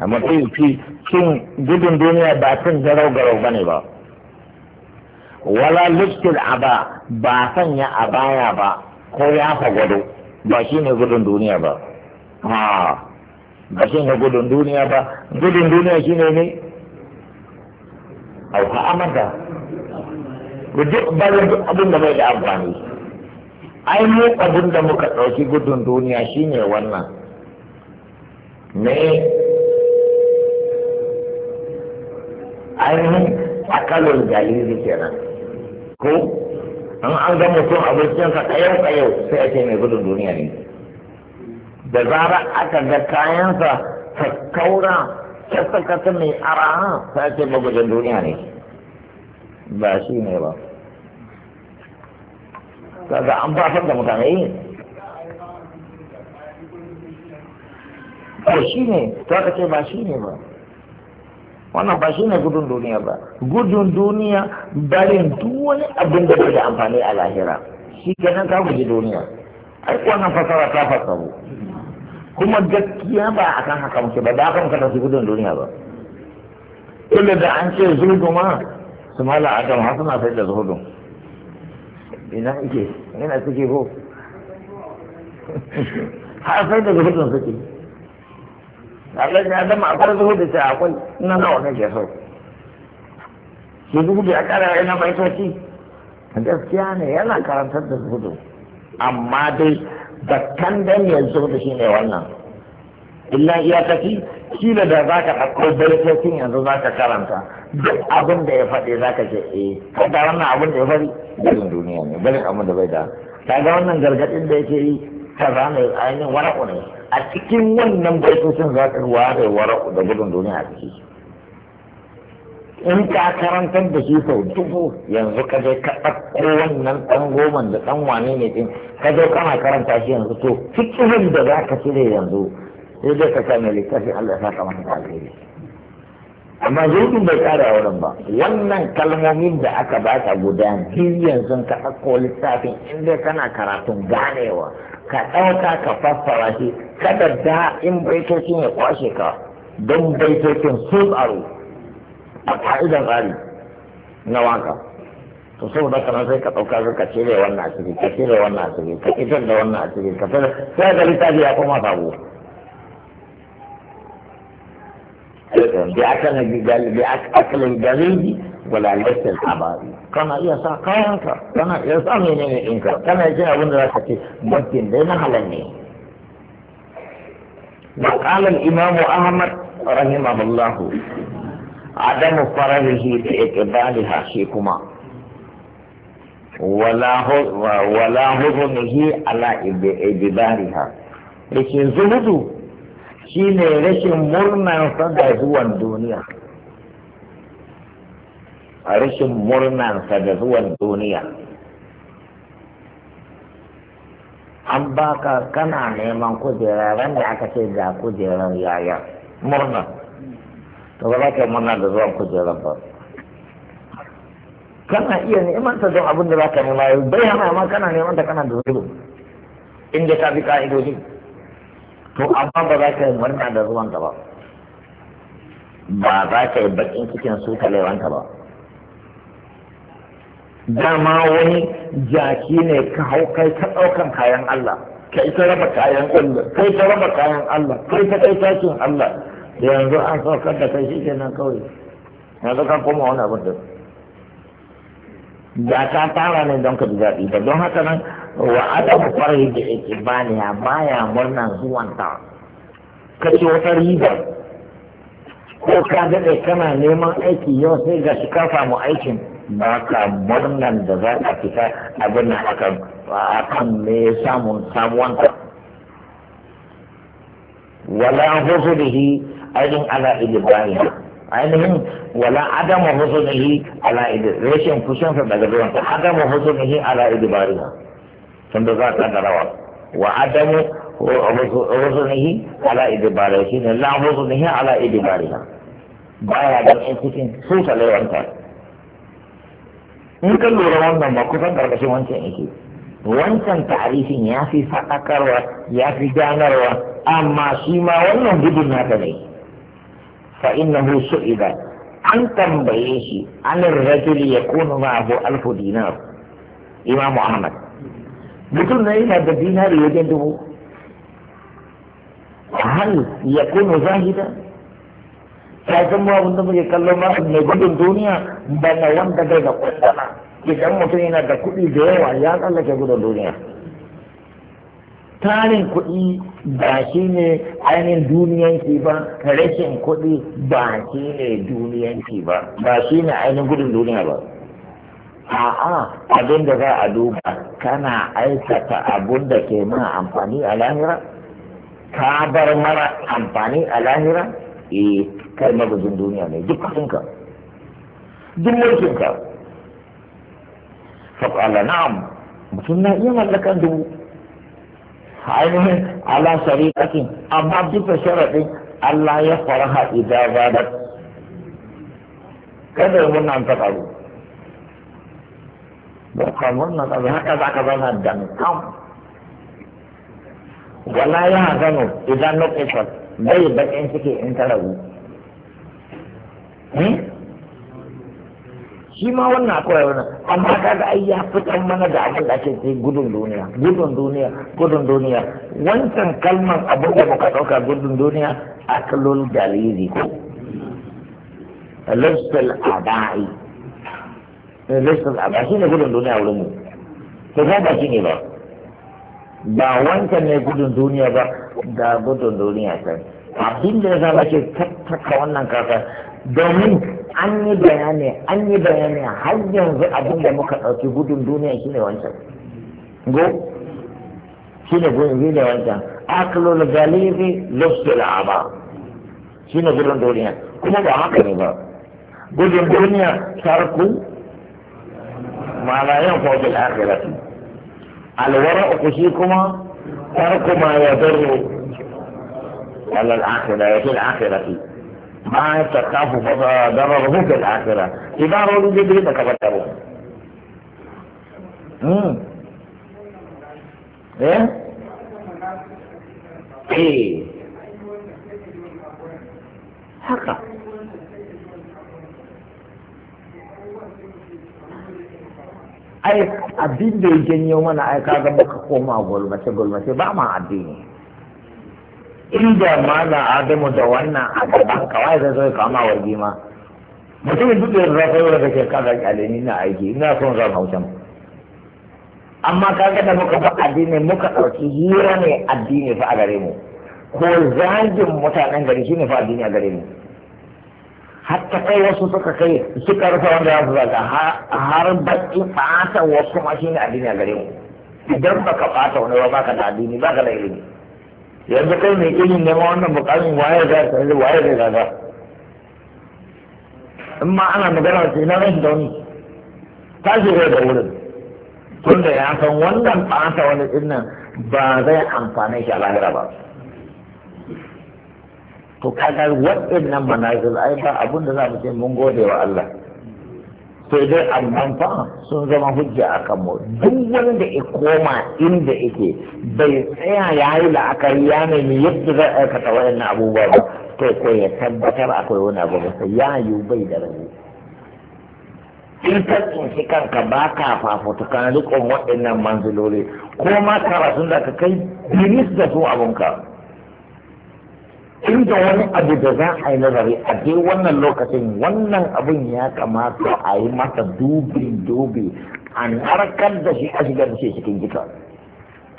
amma sai fi cin gudun duniya ba cin garau garau ba ne ba wala liftil aba ba sanya abaya ba ko ya fa gwado ba shi ne gudun duniya ba ba shi ne gudun duniya ba gudun duniya shi ne ne auka amanta bayan duk abin da bai da amfani ai mu abin da muka ɗauki gudun duniya shi ne wannan ne ainihin akalul galili kenan ko an an ga mutum abokinsa kayau ɗaya'u sai a ce mai gudun duniya ne da zarar aka ga kayansa kakkaura kasakasa mai araha sai a ce magudun duniya ne ba shi ne ba kaga an fasar da mutane yi ba shi ne ta ka ba shi ne ba wannan ba shi ne gudun duniya ba gudun duniya barin duk wani abin da ke da amfani a lahira shi kenan ka guji duniya ai wannan fasara ta fasaru kuma gaskiya ba a kan haka muke ba da haka muka tafi gudun duniya ba kullum da an ce zuhudu ma su mala adam har suna sai da zuhudu ina ike ina suke ko har sai da zuhudun suke Allah ya zama akwai da ta akwai na nawa kake so shi zuhudu ya kara yana baitoci gaskiya ne yana karantar da zuhudu amma dai bakkan dan ya da shi ne wannan illa tafi kila da za ka ɗauko baitocin yanzu za ka karanta duk abin da ya faɗe za ka ce eh kada wannan abin da ya faɗi barin duniya ne barin abin da bai da kaga wannan gargaɗin da yake yi kaza ne ainihin wara'u ne a cikin wannan baitocin za ka ware wara'u da gudun duniya a ciki in ka karantar da shi sau dubu yanzu ka je ka ɗauko wannan ɗan goman da ɗan wane ne ɗin ka zo kana karanta shi yanzu to cikin da za ka shirya yanzu sai dai ka kame littafin Allah ya saka masa alheri amma zurfin bai kare a wurin ba wannan kalmomin da aka baka guda biyu yanzu ka ɗauko littafin in dai kana karatun ganewa ka ɗauka ka fassara shi kada da in baitocin ya kwashe ka don baitocin sun tsaro a fa'idan tsari na waka to saboda kana sai ka ɗauka ka cire wannan a ciki ka cire wannan a ciki ka fitar da wannan a ciki ka fitar sai ga litafi ya koma sabo bi akalin gari wala laysal habari kana iya sa kayanka kana iya sa menene ɗinka kana iya jin abin da za ka ce mutum dai na halal ne وقال الإمام أحمد رحمه الله عدم فرره بإقبالها شيكما wala huzumihi ala ibibariha rikin zuhudu shine rashin murnansa da zuwan duniya rashin murnansa da zuwan duniya an baka kana neman kujera wanda aka ce ga kujerar yaya murna to ba za ka yi murna da zuwan kujerar ba kana iya neman ta don abin da za ka nema yau bai hana ma kana neman ta kana da zuwa inda ka bi ka'idoji to amma ba za ka yi murna da zuwan ta ba ba za ka yi bakin cikin su lewanta ba dama wani jaki ne ka hau kai ta ɗaukan kayan Allah kai ta raba kayan Allah kai ta raba kayan Allah kai ta kai tashin Allah da yanzu an saukar da kai shi nan kawai yanzu ka koma wani abin da da ka fara ne don ka ji daɗi da don haka nan wa adam farai da ya baya murnan zuwanta ka ce wata riba ko ka daɗe kana neman aiki yau sai ga shi ka samu aikin ba ka murnan da za ka fita abin nan a kan samuwan ka. samuwanta wala husulihi ainihin ala ibrahim ainihin wala adama husulihi ala ibrahim rashin sa daga zuwan adama husulihi ala ibrahim tun da za ka da rawa wa adamu husulihi ala ibrahim ne la husulihi ala ibrahim baya da cikin su talewanta in ka lura wannan ba kusan karkashin wancan yake wancan tarihin ya fi faɗakarwa ya fi ganarwa amma shi ma wannan gudun naka ne fa hu su'ida an tambaye shi an rajuli yakunu ma'ahu alfu dinar imam ahmad mutum ne yana da dinari wajen dubu hal yakunu zahida ta san mu da muke kallon ma mai gudun duniya ba na wanda bai da idan mutum yana da kuɗi da yawa ya tsallake gudun duniya tarin kuɗi ba shi ne ainihin duniyanki ba rashin kuɗi ba shi ne duniyanki ba ba shi ne ainihin gudun duniya ba a'a abin da za a duba kana aikata abun da ke ma amfani a lahira ka bar mara amfani a lahira eh kai magajin duniya ne duk kuɗinka duk mulkinka faƙala na'am mutum na iya mallakan dubu ainihin ala shari'atin amma duka sharaɗin Allah ya faraha idan da kada yi wannan ta faru ba ka wannan abu haka za ka zana dankan wala ya hazanu idan nufisar bai bakin ciki in ta rabu Hmm? shi ma wannan akwai wannan amma kaga ai ya fitar mana da abin da ake sai gudun duniya gudun duniya gudun duniya wancan kalmar abin da muka dauka gudun duniya akalul dalili ko lissul abai lissul abai shi ne gudun duniya wurin mu to ga ba shi ne ba ba wancan ne gudun duniya ba da gudun duniya sai abin da ya sa ba ke tattaka wannan kasa domin an yi bayani an yi bayani har yanzu abin da muka ɗauki gudun duniya shine wancan go shine gudun duniya wancan aklul galibi lufsul aba shine gudun duniya kuma ba haka ne ba gudun duniya tarku ma la yanfa bil akhirati alwara uku shi kuma tarku ma yadurru alal akhirati fil akhirati ما تخاف ضرره في الآخرة ka جبريل تكبره امم ايه ايه Haka ai abin da ya yau mana ai kaga muka koma gulmace gulmace ba ma addini inda mala adamu da wannan a gaban kawai zai zai kama wargi ma mutumin duk da yanzu zai da ke kaga kyalini na aiki ina son zan hausa amma kaga da muka ba addini muka ɗauki hira ne addini fa a gare mu ko zagin mutanen gari shine fa addini a gare mu hatta kai wasu suka kai suka rufe wanda ya ga har baki fata wasu ma shine addini a gare mu idan baka fata wani ba baka da addini baka da ilimi yanzu kai mai ilimin nema wannan mukamin waye za ka yi waye zai gaza in ma ana magana sai na rashin da wani shi zai da wurin tunda ya san wannan ɓata wani ɗinnan ba zai amfane shi a lahira ba to kaga waɗannan manazil ai ba abin da za mu ce mun gode wa Allah sai dai amman fa sun zama hujja a kanmu duk wanda ya koma inda yake bai tsaya ya yi la'akari ya nemi yadda zai aikata waɗannan abubuwa ba to ko ya tabbatar akwai wani abu ba sai ya yi bai da rabu in ka tsinci kanka ba ka fafutukan rikon waɗannan manzilori ko ma karasun da ka kai bilis da su abunka inda wani abu da za a yi nazari a dai wannan lokacin wannan abin ya kamata a yi masa dubi dubi an narkar da shi a shigar da shi cikin jika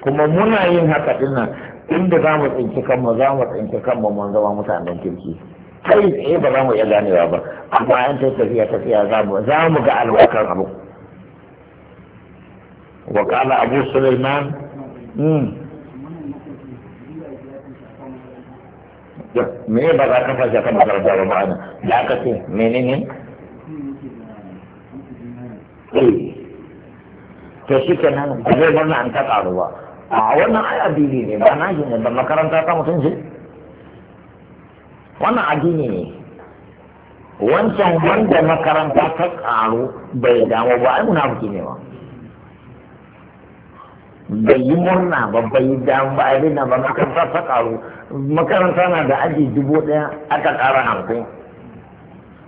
kuma muna yin haka dinnan inda za mu tsinci kanmu za mu tsinci kanmu mun zama mutanen kirki kai tsaye ba za mu iya ganewa ba amma an ta tafiya tafiya za mu ga alwakan abu وقال Abu Suleiman. Hmm, me ba za ka fashi akan makaranta ba ma'ana da aka ce ne? Eh. to shi ke nan ba zai barna an ta karu ba a wannan ai addini ne ba na shi ne ba makaranta ta mutum ce wannan addini ne wancan wanda makaranta ta karu bai damu ba ai munafiki ne ba bai yi murna ba bai yi damu ba abin ba makaranta ta karu makaranta na da aji dubu ɗaya aka ƙara hanko.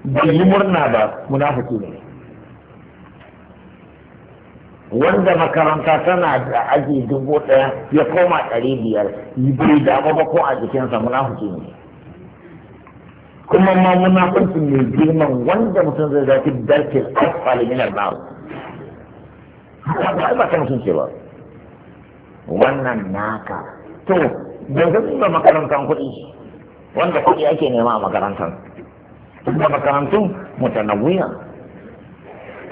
bai yi murna ba munafiki ne wanda makaranta tana da aji dubu ɗaya ya koma ɗari biyar bai damu ba ko a jikinsa munafiki ne kuma ma munafunci ne girman wanda mutum zai zafi darkin asfali minar ba ba ba ba ba ba wannan naka to bai zai ba makarantar kuɗi wanda kuɗi ake nema a makarantar da makarantun mutanawiya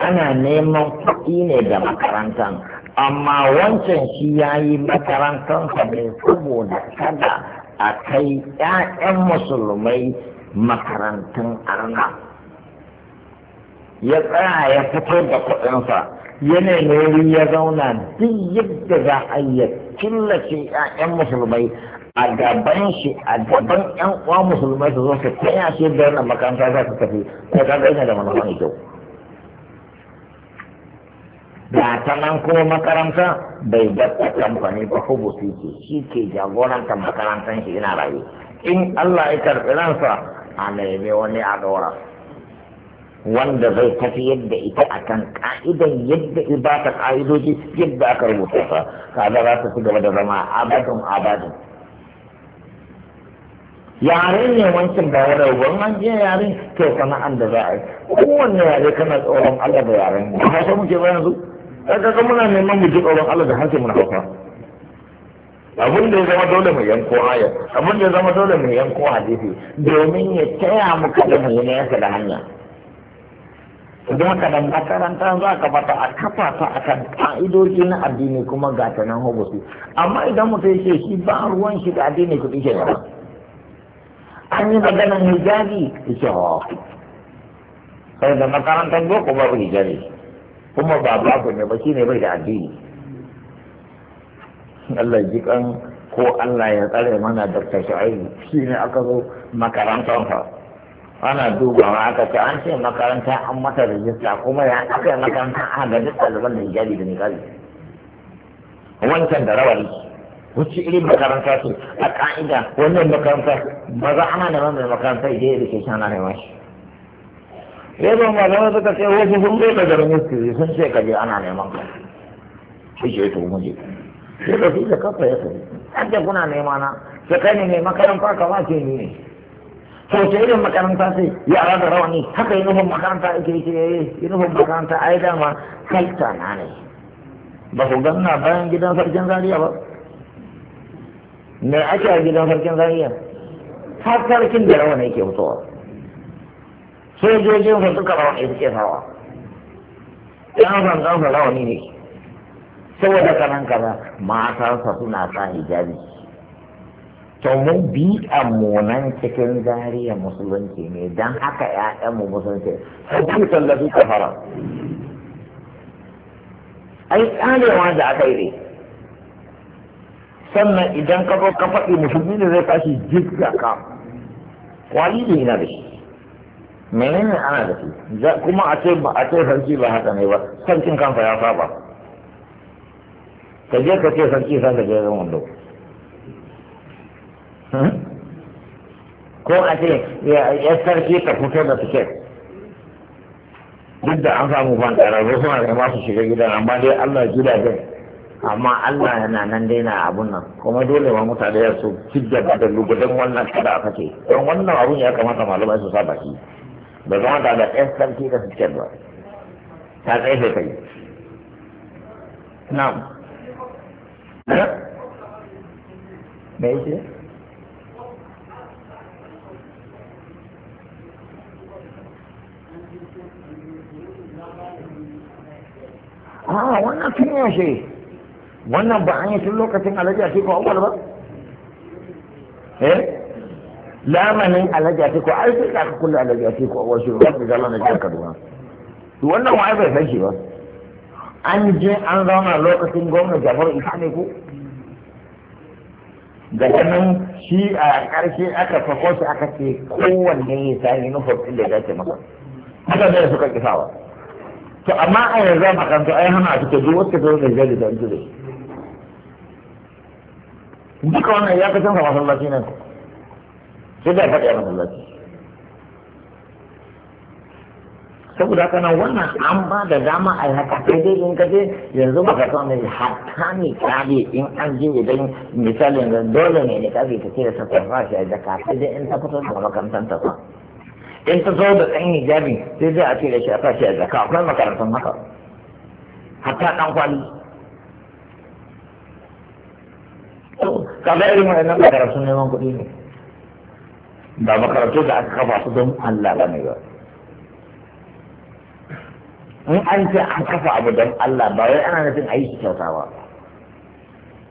ana neman kuɗi ne da makarantar amma wancan shi ya yi makarantarsa ne saboda kada a kai 'ya'yan musulmai makarantun arna ya tsaya ya fito da kuɗinsa yanayin wuri ya zauna duk yadda za a yi killace 'ya'yan musulmai a gaban shi a gaban 'yan uwa musulmai su zo su taya shi da wannan makaranta za su tafi ko ka gaina da manufa mai kyau da ta nan kuma makaranta bai bata kamfani ba hubusi ce shi ke jagoranta makarantar shi yana rayu in Allah ya karɓi ransa a nemi wani a ɗora wanda zai tafi yadda ita akan ka'idan yadda ibata ka'idoji yadda aka rubuta ta kaga za ta fi gaba da zama abadun abadun yaren ne wancan da wani ruwan an je yaren ke sana'an da za a yi kowanne yare kana tsoron Allah da yaren a hausa muke bayan su kaga ga muna neman mu ji tsoron Allah da harshe muna hausa abin da ya zama dole mu yanko aya abin da ya zama dole mu yanko hadisi domin ya taya mu kada mu yi nesa da hanya idan haka dan makaranta za ka fata a kafa ta a kan ka'idoji na addini kuma ga ta nan hobosi amma idan mutum yake shi ba ruwan shi da addini kuɗi ke gaba an yi maganar hijabi yake hawa sai da makarantar boko babu hijabi kuma ba babu ne ba shi ne bai da addini Allah ji kan ko Allah ya tsare mana da shi ne aka zo makarantar ana dubawa aka ce an ce makaranta an mata rijista kuma ya aka makaranta a ga duk ɗaliban da hijabi da niƙari. wancan da rawani wuce irin makaranta ce a ka'ida wannan makaranta ba za ana neman mai makaranta idan da ke shana ana neman shi sai ba ma zama suka ce wasu sun bai da garin yake sun ce ka je ana neman ka shi ce ya mu je sai da su da kafa ya sai an kuna nema na sai kai ne mai makaranta kama ce ni ne sauke irin makaranta sai ya da rawani haka yi nufin makaranta ake yi ya eh, yi nufin makaranta ai dama kaita na ne ba ku ganna bayan gidan sarkin zariya ba Mai ake a gidan sarkin zariya har sarkin da rawani yake fitowa sojojin sa duka rawani suke sawa yan sandan sa rawani ne saboda kanan kaza sa suna sa hijabi to mu bi amunan cikin zariya musulunci ne don haka mu musulunci da suka fara. ai ƙarewa da aka yi sannan idan ka zo ka faɗi musulmi ne zai tashi jizga ka kwali ne yana da shi menene ana da shi kuma a ce ba a ce sarki ba haka ne ba sarkin kanfa ya saba ka je ka ce sarki sa ka je zan wando Hmm? ko a ce ya sarki ta fito da tiket duk da an samu ban ƙararru suna da masu shiga gidan amma dai Allah gidajen amma Allah yana nan dai na abun nan kuma dole ma mutane ya su ci gaba da lugudan wannan kada a kake don wannan abun ya kamata malamai su sa baki ba zama da da ɗan sarki da su ba ta tsaye yi na eh? me yake Ah, wannan tun yaushe wannan ba an yi tun lokacin alhaji a ko umar ba eh lamanin alhaji a ko ai sai ka kulle alhaji a ko umar shi ba da Allah na ji Kaduna wannan wai bai san shi ba an je an zauna lokacin gwamna Jafaru Isa ne ko daga nan shi a ƙarshe aka fako shi aka ce kowanne ya sa yunifom da ya ce maka haka zai suka kisawa to amma a yanzu a makarantu ai hana fita duk wacce ta zai zai da ita dai duka wannan ya kasan sa masallaci nan sai da faɗi a masallaci saboda haka nan wannan an ba da dama a haka sai dai in ka je yanzu ba ka san ne hatta ne kare in an je idan misalin dole ne ne kafe ta ce da ta farfa shi a jaka sai dai in ta fitar da makarantar ta sa انت صوبت عيني جابي تزاعتي الاشياء فاشي الزكاة ما إيه، ما تعرف النقر حتى تنفل قال لي ما انا ما تعرف سنة ما قديني ده ما قرأت تزاعت خفا صدم ألا بني بار ان انت عن خفا عبدا ألا بار انا نتن عيش شوتا بار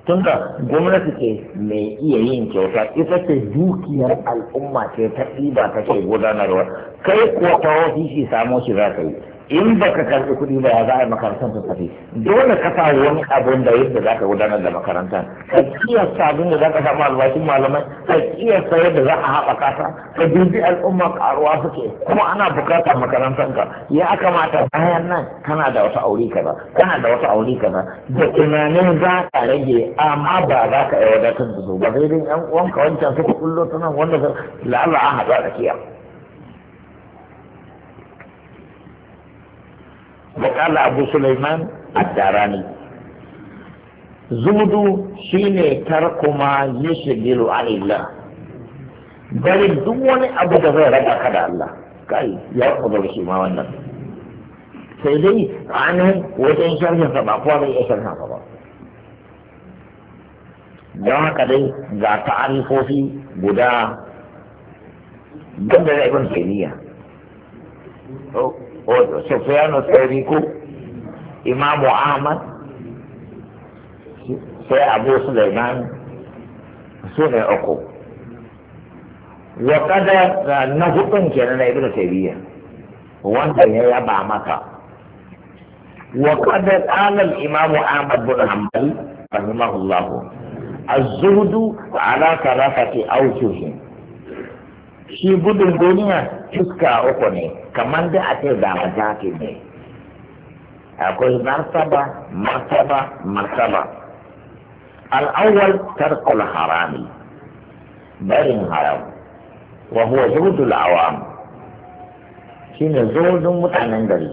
tunda gwamnati ce mai iya yin kyauta ita ce dukiyar al'umma ce ta ɗiba take gudanarwa kai ko ta shi samo shi za ka yi in ba ka karɓi kuɗi ba ya za a yi makarantar ta tafi dole ka sa wani abin da yadda za ka gudanar da makarantar ka kiyasta abin da za ka samu albashin malamai ka kiyasta yadda za a haɓaka ta ka dubi al'umma karuwa suke kuma ana bukatar makarantar ka ya kamata bayan nan kana da wata aure kaza kana da wata aure kaza da tunanin za ka rage amma ba za ka yi wadatar da su ba sai dai yan uwanka wancan suka kullo ta nan wanda la'alla a haɗa da kiyar. wa abu sulaiman a tara shine zumudu ya ne tar kuma yi duk wani abu da zai raga kada Allah kai ya kudur shi ma wannan sai dai ranar wajen sharhin sa ba kuwa da iya sharhin ba don haka dai ga ta'arifofi guda don da ya yi kun سفيان الثوري إمام أحمد سي أبو سليمان سنة أخو وقد نهضن كان ابن سيبيا وانت يا أبا مكة وقد قال الإمام أحمد بن حنبل رحمه الله الزهد على ثلاثة أوجه shi gudun duniya fuska uku ne kamar da a ce da majati ne akwai martaba martaba martaba al'awwal tarkul harami barin haram wa huwa zuhdul awam ne zuhdun mutanen gari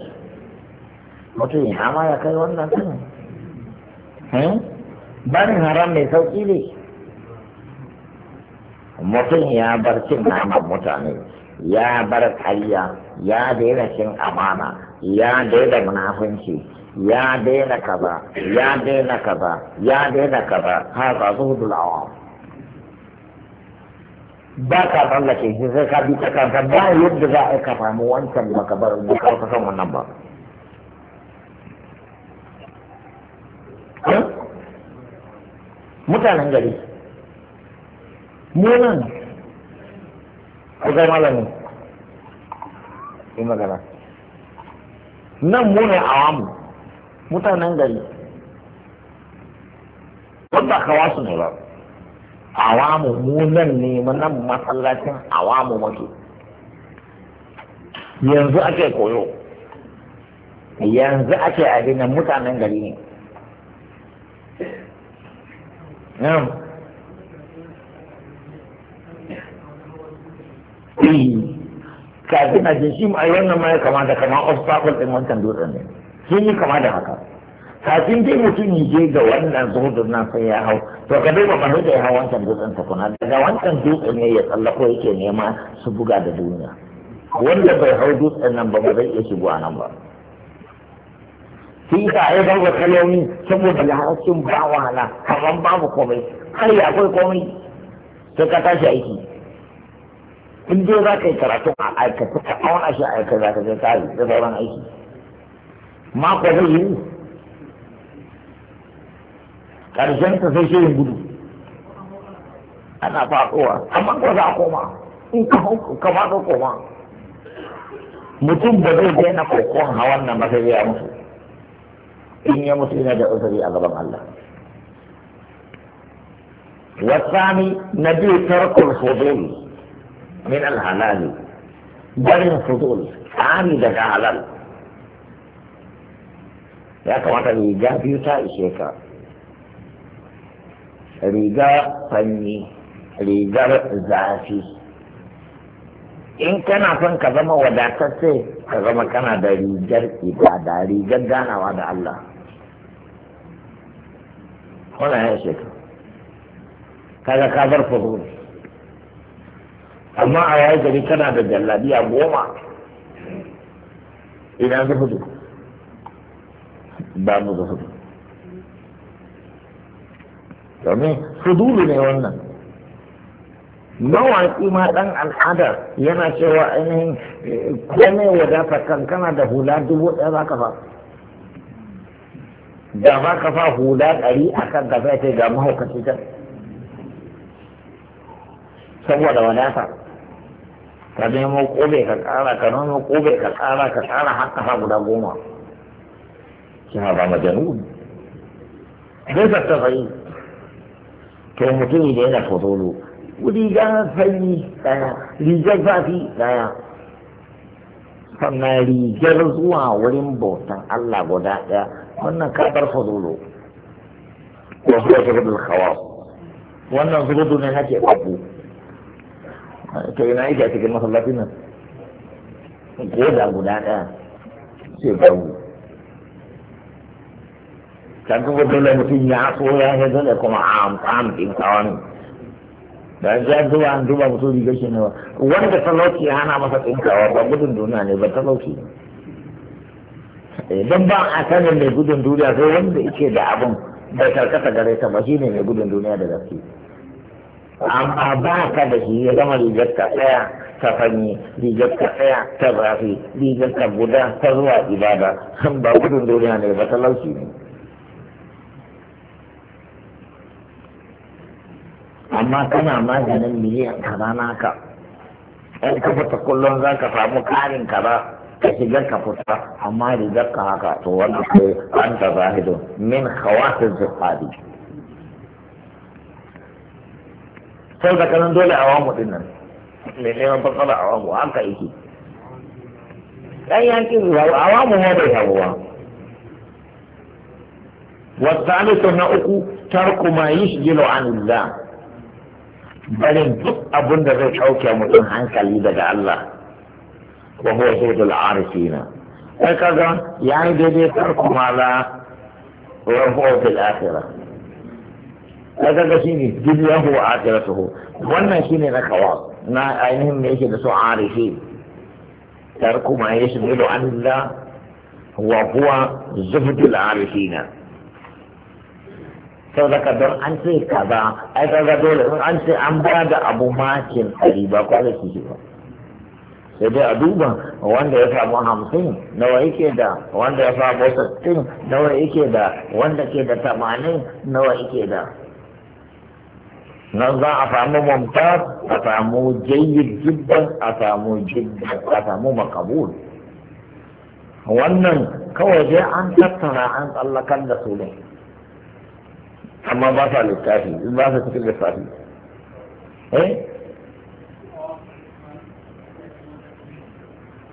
mutum ya ma ya kai wannan hmm? barin haram mai sauki ne mutum ya bar cin naman mutane ya bar karya ya daina cin amana ya daina munafunci ya daina kaza ya daina kaza ya daina kaza haka zuhudul awam ba ka tsallake shi sai ka bi ta kanka ba yadda za a kafa mu wancan baka bar baka ka san wannan ba mutanen gari munan kusa malamin yi magana nan munan awamu mutanen gari wanda kawa su ne ba awamu munan ne nan masallacin awamu muke yanzu ake koyo yanzu ake abin mutanen gari ne kafin a ce shi ai wannan ma ya kama da kama obstacle ɗin wancan dutsen ne sun yi kama da haka kafin dai mutum ya je ga wannan zuhudun nan sai ya hau to ka duba ba da ya hau wancan dutsen kuna daga wancan dutsen ne ya tsallako yake nema su buga da duniya wanda bai hau dutsen nan ba ba zai iya shigo nan ba shi ka ai babu kalomi saboda lahasin ba wahala kaman babu komai kai akwai komai sai ka tashi aiki in dai za ka yi karatu a aikata ka auna shi a aikata za ka je ka yi da sauran aiki mako zai yi karshen ta sai shirin gudu ana fatowa. amma ko za a koma in ka kama ka koma mutum ba zai daina kokon hawan nan ba sai ya mutu in ya mutu yana da usari a gaban Allah wasani na biyu tarkul fudeli من الحلال بل الفضول عمد حلال يا كمان ريجا بيوتا إشيكا ريجا فني رجاء زافي إن كان أفن كذما وداتت كذما كان دا ريجا إبادة ريجا دانا وادا الله هنا يا شيخ هذا كذا فضول amma a yayi gari kana da jallabiya goma idan mu babu zuhudu domin fudulu ne wannan mawaƙi ma ɗan al'ada yana cewa ainihin kome wadata kan kana da hula dubu ɗaya za ka fa da ba ka fa hula ɗari a kan ka sai ga mahaukaci ta saboda wadata ka nemo kobe ka kara ka nemo kobe ka kara ka kara har ha guda goma kina ba majanun bai ta fayi to mutum da yana fotolo ga fayi daya rigar zafi daya sannan Rijar zuwa wurin bautan Allah guda daya wannan kabar fotolo ko zuwa zubudul khawas wannan zubudu ne nake abu to yana yake a cikin masallacin nan ko da guda ɗaya sai babu kan kuma dole mutum ya so ya yi zane kuma am am din tsawon da ya zuwa an duba mutum riga shi ne wanda talauci ya hana masa tsinkawa ba gudun duniya ne ba talauci idan ba a sanin mai gudun duniya sai wanda yake da abin bai karkata gare ta ba ne mai gudun duniya da gaske amma ba ka da shi ya gama rigar ka tsaya ta fanyi rigar ka tsaya ta zafi rigar ka guda ta zuwa ibada ba gudun duniya ne ba ta talauci ne amma kana maganin miliyan kaza naka in ka fita kullum za ka samu karin kaza ka shigar ka fita amma rigar ka haka to wanda ke an ta zahidun min khawatir jihadi sau da kanan dole a wamu din nan mai neman fasala a wamu haka yake dan yankin zuwa a wamu ma bai hawa wasu na uku tarku ma yishgilu anillah barin duk abin da zai ɗauke mutum hankali daga Allah wa huwa hudul arifina sai kaga ya yi daidai farko ma la wa huwa fil akhirah kaga ga shine dunyahu wa akhiratuhu wannan shine na kawa na ainihin me yake da su arifi tarku ma an anillah wa huwa zubdul arifina sau da don an ce kaza ai kaga dole in an ce an ba da abu makin ɗari ba ko da shi ba sai dai a duba wanda ya samu hamsin nawa yake da wanda ya samu sittin nawa yake da wanda ke da tamanin nawa yake da nan za a samu mumtaz a samu jayyid jiddan a samu jiddan a samu makabul wannan kawai dai an tattara an tsallakan da su ne amma ba sa littafi ba sa cikin littafi eh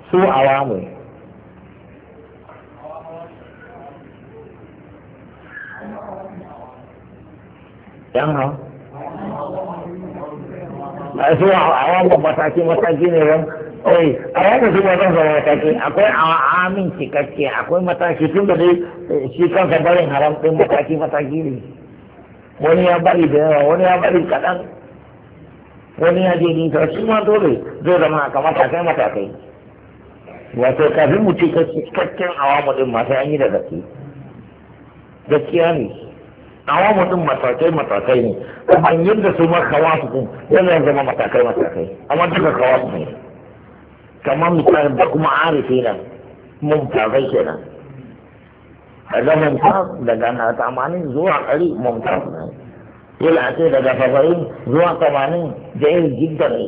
su awamu yan hau a zuwa awamban mataki mataki ne ban oi awamban su ba zan zama mataki akwai amin cikakke akwai mataki tun da dai eh, shi kansa barin haram ɗin mataki mataki ne wani ya bari da yawa wani ya bari kaɗan wani ya je nisa shi ma dole zai zama haka matakai matakai wato kafin mu ci cikakken awamu ɗin masu an yi da gaske gaskiya ne awamu mutum matakai matakai ne kuma yadda su ma kawasu din yana zama matakai matakai amma duka kawasu ne kamar misali da kuma arifi nan mumtazai kenan daga mumtaz daga na tamanin zuwa ɗari mumtaz ne yana ce daga saba'in zuwa tamanin da yin jidda ne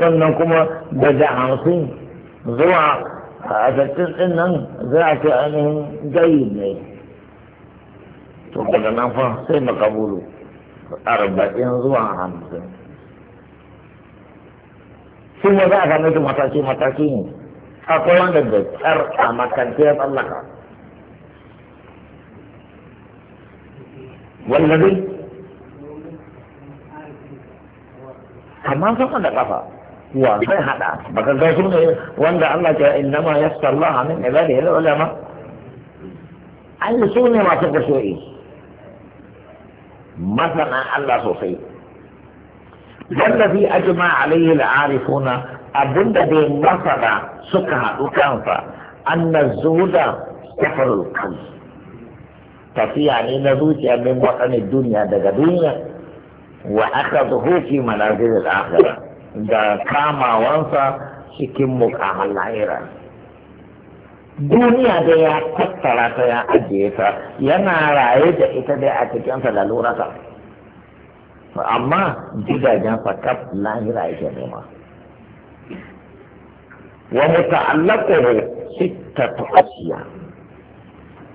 sannan kuma daga hamsin zuwa a sattin din nan za a ce ainihin jayi ne to daga nan fa sai makabulu arba'in zuwa hamsin shi ne za a same su mataki mataki ne akwai wanda da tsar a makance ya tsallaka wallabi amma sama da kafa wa zai hada baka ga su ne wanda Allah ke innama yasallaha min ibadihi al-ulama ai su ne masu kushoi masana Allah sosai wallafi jima alaihi al'arifuna abinda dai masana suka haɗu kansa anna zuhuda safarul qalb tafiya ne na zuciya min watsanin duniya daga duniya wa aka zuhu fi manazilil akhirah da kamawansa cikin mukamal lahira duniya da ya tattara ta ya ajiye ta yana raye da ita dai a cikinsa da lurata amma gidajen fakaf lahira yake nema wa muta'allaquhu sittatu asya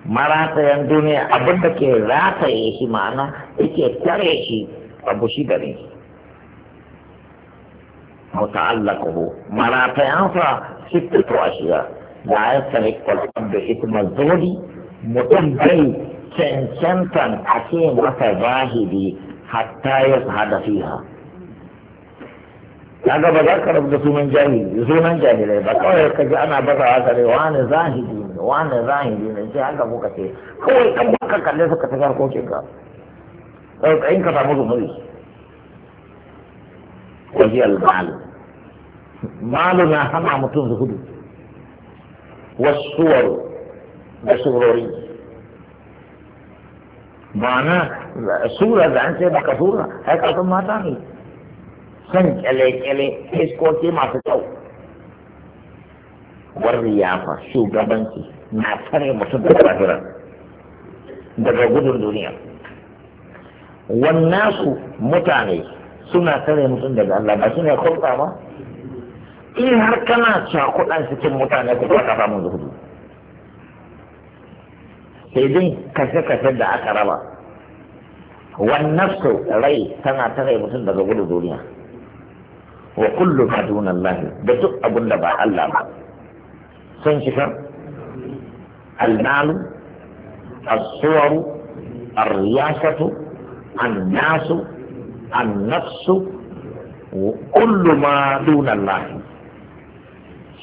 maratayan duniya abin da ke rataye shi ma'ana yake tare shi abu shi da ne muta'allaquhu sa sittatu asya la ya sami kwalfan da hikimar zodi mutum bai cancantan a ce masa zahiri hatta ya sahada fiha ga ba za ka rubuta sunan jahili sunan jahilai ba kawai ka ji ana baza haka ne wani zahiri ne wani zahiri ne sai haka muka ce kawai kan baka kalle suka ta harkokin ka tsayin ka samu zunubi wajiyar malu malu na hana mutum zuhudu والصور بسروري معناه صورة जानते बका صورة है का तो माता नहीं सन चले चले इसको के माथे जाओ والريافة شو قبنتي مع فرق مصدق الآخرة daga gudun duniya wannan su mutane suna tare mutum daga Allah ba su ne kulka ba in har kana cakuɗa cikin mutane ku kafa mun zuhudu sai dai kashe-kashe da aka raba wannan su rai tana ta rai mutum daga gudu duniya wa kullu ma duna da duk abin da ba Allah ba sun shiga al-malu as-suwaru ar-riyasatu an-nasu nafsu kullu ma duna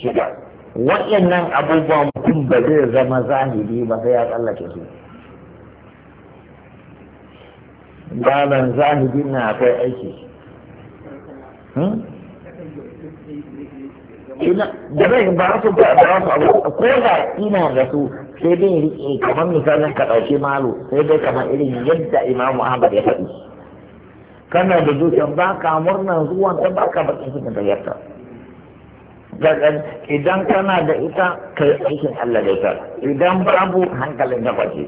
shida waɗannan abubuwan mutum ba zai zama zahiri ba sai ya tsallake su balan zahiri na akwai aiki hmm? da zai ba su ba su abu ko da ina da su sai dai riƙe kamar misalin ka ɗauki malu sai dai kamar irin yadda imamu ahmad ya faɗi kana da zuciyar ba ka murnan zuwan ta ba ka su da ta idan kana da ita ka yi aikin Allah da ita idan babu hankalin ka kwace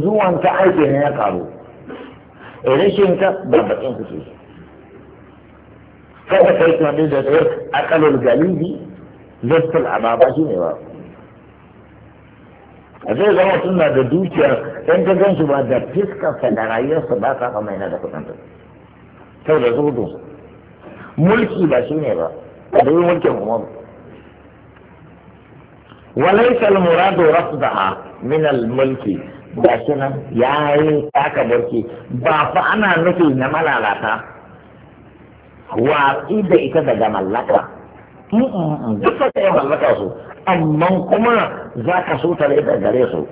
zuwan ka aiki ne ya karu rashin ka ba bakin kuce kada kai tunanin da tsaye akalul galibi zattul ba shi ne ba a zai zama suna da dukiya ɗan ka gan shi ba da fiska da rayuwarsa ba ka kama yana da kuɗin sau da zudun mulki ba shi ne ba a dai mulkin umar walaisa al rafdaha min mulki da sunan yayi taka barki ba fa ana nufi na malalata watsi da ita daga mallaka duk da mallaka su amma kuma za ka so ta da gare su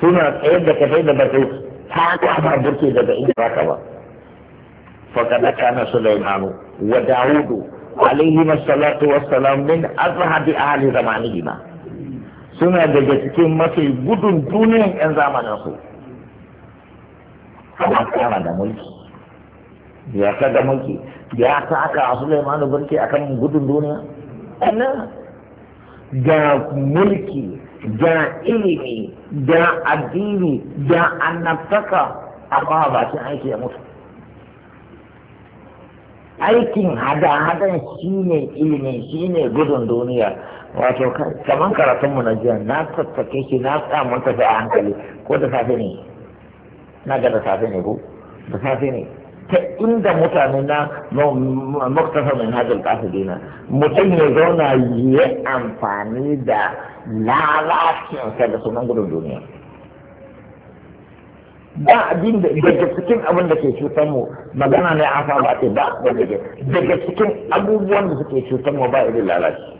suna tsayar da kafai da batu ta kama burke daga inda ba ka ba fa kana Sulaimanu wa Dawudu salatu wa salam min azhar ahli zamanihi ma suna da cikin mafi gudun duniyan yan zamanin su amma kana da mulki ya ka da mulki ya ta aka Sulaiman barki akan gudun duniya anna ga mulki ga ilimi ga addini ga annabtaka amma ba ta aiki ya mutu aikin hada-hadan shine ilimi shine gudun duniya wato kaman karatunmu na jiya na tattake shi na samun tafi a hankali ko da safe ne na ga da safe ne ko da safe ne ta inda mutane na muktasa min hajjal dina mutum ya zauna yi amfani da lalacinsa da sunan gudun duniya ba abin da daga cikin abin da ke cutar mu magana ne an fara ce ba daga daga cikin abubuwan da suke cutar mu ba irin lalaci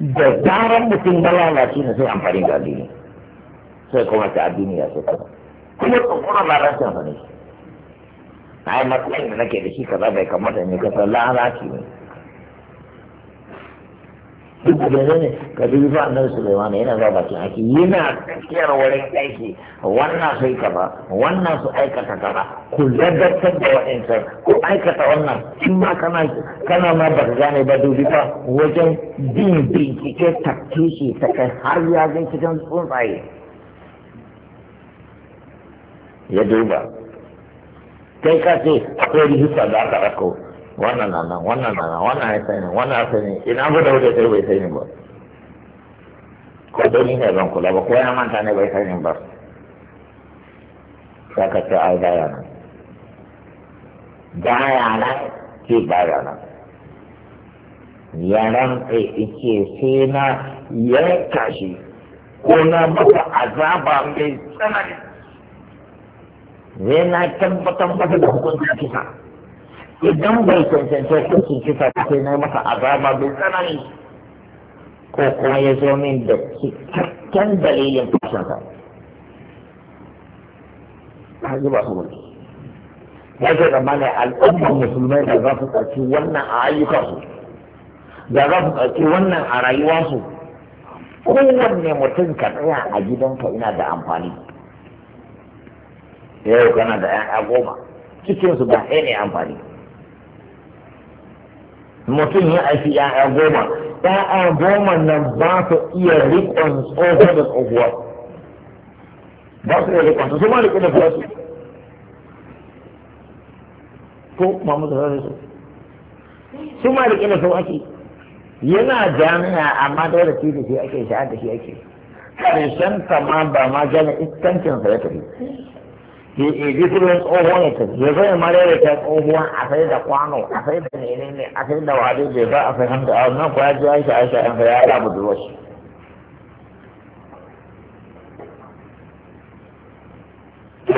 da zaran mutum na lalaci ne sai amfani da addini sai kuma ta addini ya ce kuma tsokonan lalaci amfani ai matsayin da nake da shi kaza bai kamata ne kasar lalaci ne duk da ne ka dubi fa annabi Sulaiman yana zuwa bakin aiki yana tsakiyar wurin aiki wannan sai ka ba wannan su aikata kaza ku ladabtar da wa'ancan ku aikata wannan in ma kana kana ma ba ka gane ba dubi fa wajen bin bincike taktishi ta kai har ya gan cikin tsuntsaye ya duba kai ka ce akwai rihisa da aka rako wannan na nan wannan na nan wannan ya sani wannan ya sani ina abu da wuce sai bai sani ba ko doni ne ban kula ba ko ya manta ne bai sani ba saka ta ai baya nan baya nan ke baya nan yaran ce sai na yanka shi ko na masa azaba mai tsanani zai na tabbatar masa da hukuncin kisa idan bai cancanci kuncin kisa ta sai na masa azaba bai tsanani ko kuma ya zo min da cikakken dalilin fashinsa a ji ba su mulki ya ce zamani al'ummar musulmai da za su ɗauki wannan a ayyukansu da za su ɗauki wannan a rayuwarsu kowanne mutum ka tsaya a gidanka ina da amfani yau kana da 'ya'ya goma cikinsu ba ɗaya ne amfani mutum ya aiki ya'ya goma ya'ya goma nan ba su iya rikon tsoho da tsohuwa ba su iya rikon su su ma da ba su ko mamu da zai su su ma rikon da su ake yana jami'a amma dole ce da shi ake sha'ar da shi ake karshen ma ba ma jami'a iskancin sa ya tafi ya ɗebi filin tsohon ya tafi ya zai marere ta tsohuwan a sai da kwano a sai da nene ne a sai da wade bai ba a fahimta a wannan kuwa ji aisha aisha yan fa ya rabu da wasu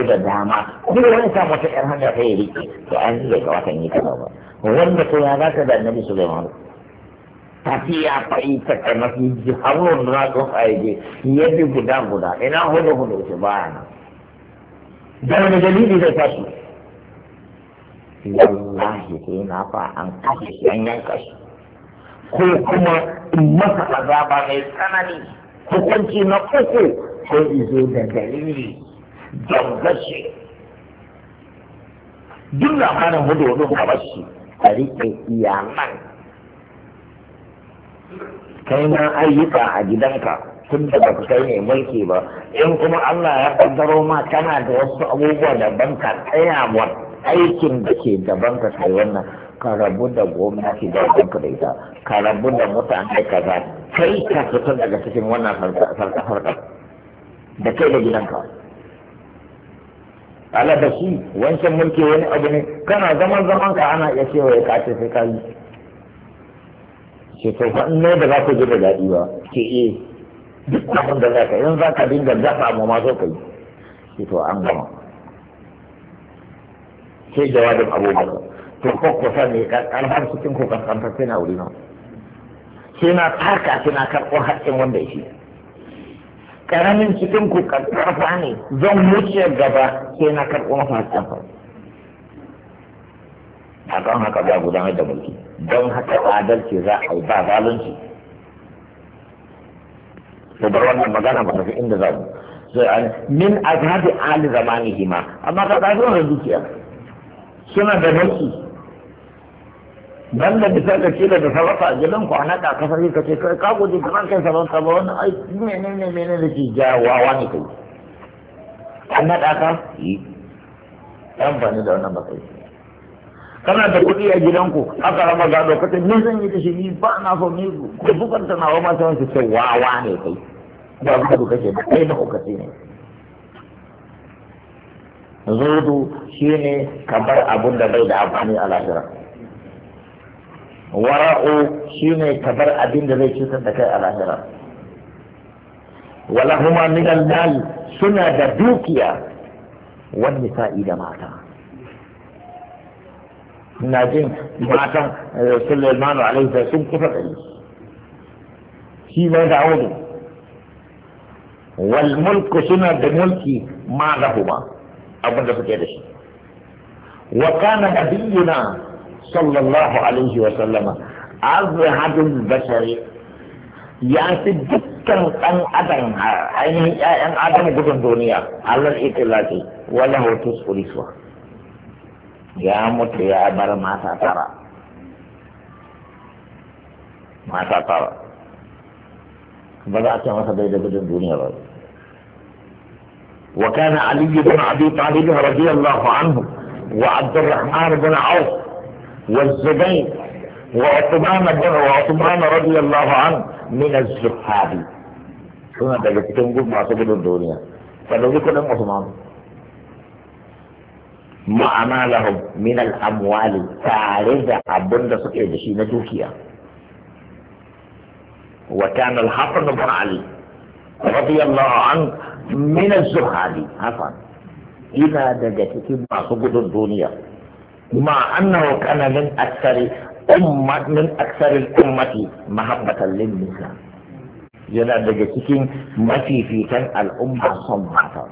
da dama duk wani sa wata yar hanya ta yi to an ga watan yi ba wanda ya zaka da annabi Sulaiman tafiya fai ta guda guda ina hudu hudu nan da wani dalili zai tashi wallahi sai na fa an kashe shi an yanka shi ko kuma in masa azaba mai tsanani hukunci na uku ko izo da dalili dangace duk labarin hudu wani gaba shi a riƙe iyalan kai na ayyuka a gidanka tun da baka kai mai mulki ba in kuma Allah ya kaddaro ma kana da wasu abubuwa da ka tsaya wa aikin da ke da banka sai wannan ka rabu da gwamnati da banka da ita ka rabu da mutane kaza kai ka fitar daga cikin wannan sarka-sarka da kai da gidanka Allah da shi wancan mulki wani abu ne kana zaman zaman ka ana iya cewa ya kace sai ka yi ce to ne da za ku ji da daɗi ba ke eh duk abin da zaka ka in za ka dinga dafa mu ma zo ka yi shi to an gama sai jawabin abubakar to ko ku ne kan har cikin kan kan sai na wuri na sai na taka sai na karɓo haƙƙin wanda ya karamin cikin ku karfa ne zan wuce gaba sai na karɓo masa haƙƙin fa a kan haka za gudanar da mulki don haka adalci za a yi ba zalunci to bar wannan magana ba tafi inda za mu sai an min azhabi ali zamanihi ma amma ka tafi da dukiya suna da mulki dan da bisa ka ce da sarrafa a gidan ku ana ka kasar ka ce kai ka gode kamar kai sarrafa ba wannan ai menene menene ke wawa ne kai an naɗa ka yi amfani da wannan matsayi kana da kuɗi a gidanku aka raba gado ce ni zan yi da shi ni ba na so ni ku bukanta na nawa ma sai su ce wawa ne kai ba abin da ku kashe ba kai mahaukaci ne zuru shi ne ka bar abin da bai da amfani a lahira wara'u shi ne ka bar abin da zai cutar da kai a lahira wala huma min al suna da dukiya wani sa'i da mata na jin matan eh, Sulaimanu alaihi sun kusa da shi ma da audu wal mulku suna da mulki ma lahuma abin da suke da shi wa kana nabiyuna sallallahu alaihi wa sallama azhadul bashari ya fi dukkan ɗan adam ainihin ƴaƴan adam gudun duniya allah itilaki wala hotus uliswa ya mutu ya bar mata tara mata a masa bai da duniya ba وكان علي بن ابي طالب رضي الله عنه وعبد الرحمن بن عوف والزبير وعثمان بن وعثمان رضي الله عنه من الزهاد شنو هذا تنقول مع سبيل الدنيا فلو كلهم عثمان ما أمالهم من الأموال فارزة عبد سكي دشينا توكيا وكان الحسن بن علي رضي الله عنه من الزخارف حسن إلى دجت ما سجود الدنيا مع أنه كان من أكثر أمة من أكثر الأمة محبة للنساء ينا دجت ما في في كان الأمة صمتا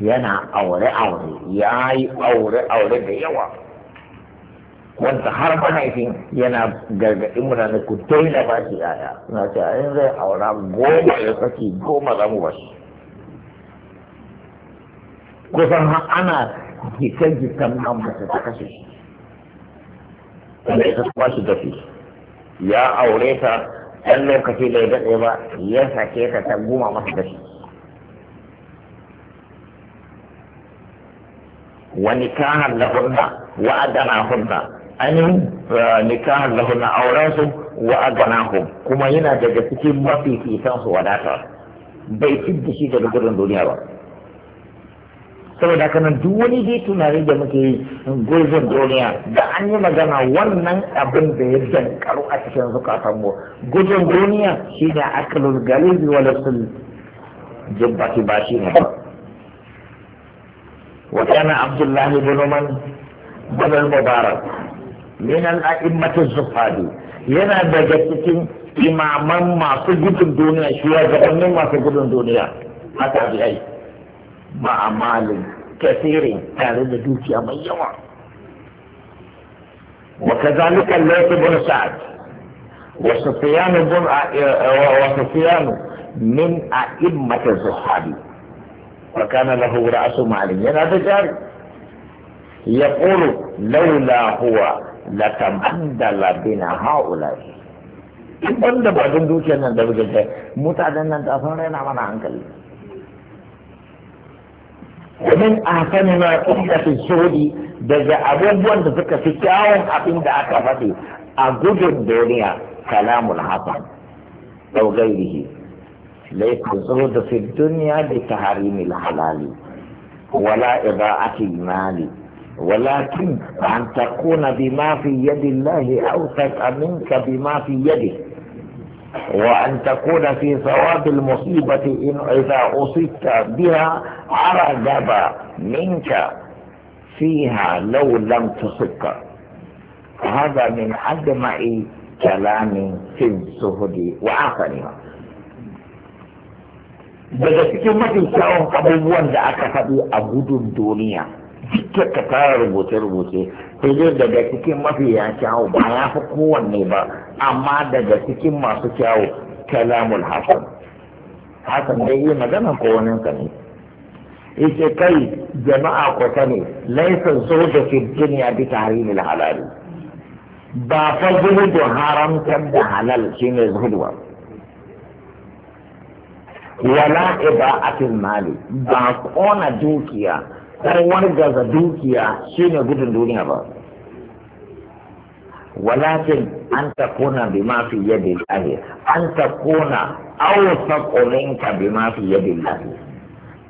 ينا أوري أوري ياي أوري أوري بيوا وانت حرم حيثين ينا جلد إمرا نكتين باتي آيا ناسي آيان ذي أورا غوما يفتي غوما غموش kusan ana jikan-jikan nan mace ta kashe shi wanda ita kuma shi dafi ya aure ta ɗan lokaci bai daɗe ba ya sake ta ta guma masa gafi wa nikahan lahunna wa adana hunna ainihin eh, nikahan lahunna aurensu wa adana kuma yana daga cikin mafi fitan su wadata bai fidda shi daga gudun duniya ba saboda haka nan duk wani dai tunani da muke yi gurbin duniya da an yi magana wannan abin da ya dankaru a cikin zukatan mu gudun duniya shi ne gari galibi wa lasul jibbaki ba shi ne wa kana abdullahi bin man bin mubarak min al-a'immatu yana daga cikin imaman masu gudun duniya shi ya wannan masu gudun duniya haka bi مع مال كثير تارد دوكيا من يوم وكذلك الليث بن سعد وسفيان بن وسفيان من أئمة الصحابي وكان له رأس مال هذا جاري يقول لولا هو لتبدل بنا هؤلاء بند بعدين دوكيا نندبجت متعدنا تفرنا من عنكلي ومن أحسن ما قيل في الزهد دجا أبوبوان دفك في كاون أبين دا أكفتي أجد الدنيا كلام الحسن أو غيره ليس الزهد في الدنيا بتحريم الحلال ولا إضاعة المال ولكن أن تكون بما في يد الله أوثق منك بما في يده وأن تكون في ثواب المصيبة إن إذا أصبت بها عرجب منك فيها لو لم تصبك هذا من أجمع كلام في الزهد وآخرها daga cikin mafi kyawun abubuwan da aka faɗi a gudun duniya duk ka rubuce-rubuce sai dai daga cikin mafi ya kyawu ba ya fi kowanne ba amma daga cikin masu kyawu kalamul hasan hasan dai yi magana ko wani ka ne yace kai jama'a ku sani laisa zuhudu fi dunya bi tahrimil halali ba fa zuhudu haramtar da halal shine zuhudu ba wala iba'atul mali ba kona dukiya wani gaza dukiya shine gudun duniya ba walakin an kona bi mafi yadda lahi an takuna aw taqulinka bi mafi yadda lahi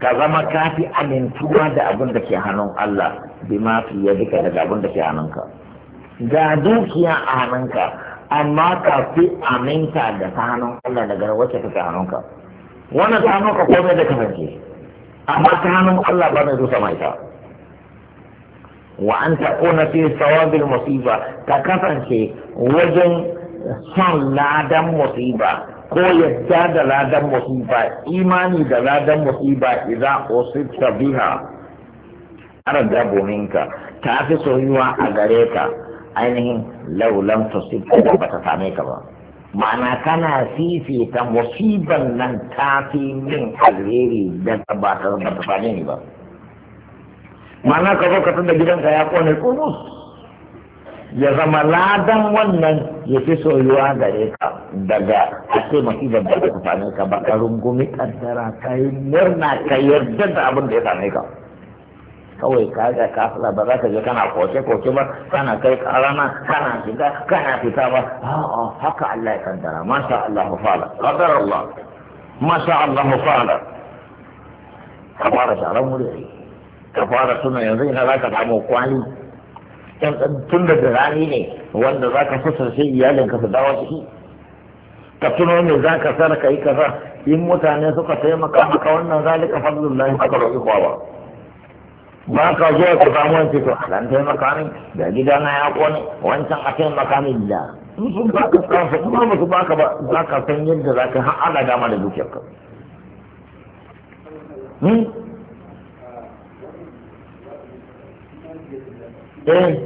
ka zama kafi amintuwa da abin da ke hannun Allah bi mafi yadda daga abin da ke hannunka ga dukiya a hannunka amma ka fi aminta da ta hannun Allah daga wacce ta hannunka wannan ta hannunka komai da kasance amma ta hannun Allah ba mai rusa sama ita wa an taɓo fi sawabin musiba ka kasance wajen son ladan musiba ko yadda da ladan musiba imani da ladan musiba idan usibta biha da bominka ta fi soyuwa a gare ka ainihin laulan tusibta ba ta same ka ba ma'ana kana fifita musiban nan ta fi min alheri da ta ba ta ba ba ma'ana ka zo ka tunda gidanka ya kone kurus ya zama ladan wannan ya fi soyuwa gare ka daga ake musibar da ta ka ba ka rungumi kaddara ka yi murna ka yarda da abin da ya same ka. kawai ka ga kafila ba za ka je kana koce koce ba kana kai karama kana shiga kana fita ba a'a haka Allah ya kaddara masha Allah fa'ala qadar Allah masha Allah fa'ala ka fara sharan wuri ka fara tuna yanzu ina za ka samu kwali tun da rani ne wanda za ka fusa sai iyalin ka su dawo ciki ka tuno ne za ka sarka yi kaza in mutane suka taimaka maka wannan zalika fadlullahi ka roƙi kowa ba ba ka zuwa ka samu wani to dan taimaka makami. da gida na ya kone wancan a taimaka da ba ka kansa ba su ba ka ba za ka san yadda za ka har ana dama da dukiyar ka hmm? eh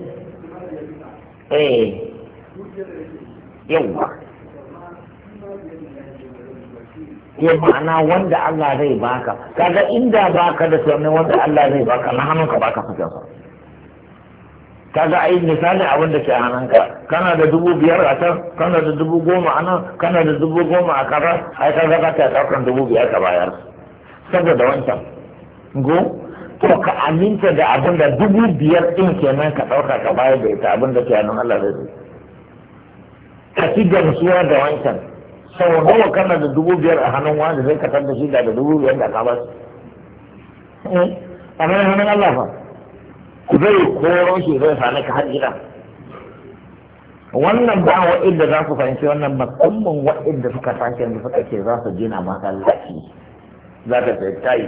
eh ya ma'ana wanda Allah zai baka kaga inda baka da sannan wanda Allah zai baka na hannunka baka fita ba, kaga ai misali abin da ke hannunka kana da dubu biyar a can kana da dubu goma a nan kana da dubu goma a kaza ai kaga za ta ɗaukan dubu biyar ka bayar saboda wancan go to ka aminta da abin da dubu biyar ke kenan ka ɗauka ka bayar da ita abin da ke hannun Allah zai ka ci gamsuwa da wancan sau nawa kana da dubu biyar a hannun da zai katar da shi da dubu biyar da ka basu eh, a nan hannun Allah fa zai koro shi zai sami ka har gida wannan ba wa'inda za su fahimci wannan musamman wa'inda suka tashi yanzu suka ce za su gina masallaci za ta sai tayi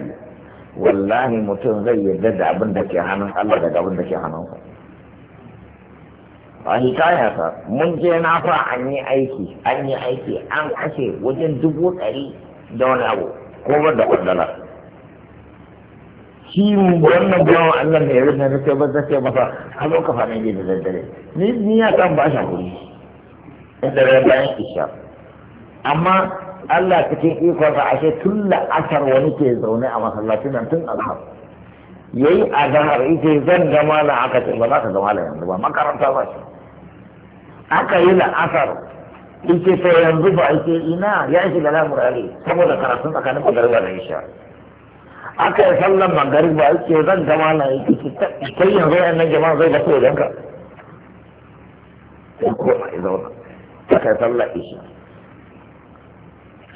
wallahi mutum zai yarda da abin da ke hannun Allah daga abin da ke hannunsa a hikaya ta mun je na fa an yi aiki an yi aiki an kashe wajen dubu ɗari da wani abu ko ba da kwandala shi wannan bawan Allah ne ya na ce ba zace masa a zo ka fara da daddare ni ni ya san ba shi hakuri inda ran bayan isha amma Allah cikin ikon sa ashe tun asar wani ke zaune a masallacin nan tun alhar yayi azhar ita zan gama la aka ce ba za ka gama la yanzu ba makaranta ba shi aka yi la'asar ike to yanzu ba ake ina ya shiga lamurari saboda karatun tsakanin magariba da isha aka yi sallan magariba ake zan gama na yake kai yanzu yan nan jama'a zai gaso wajen ka sai koma ya zauna aka yi sallan isha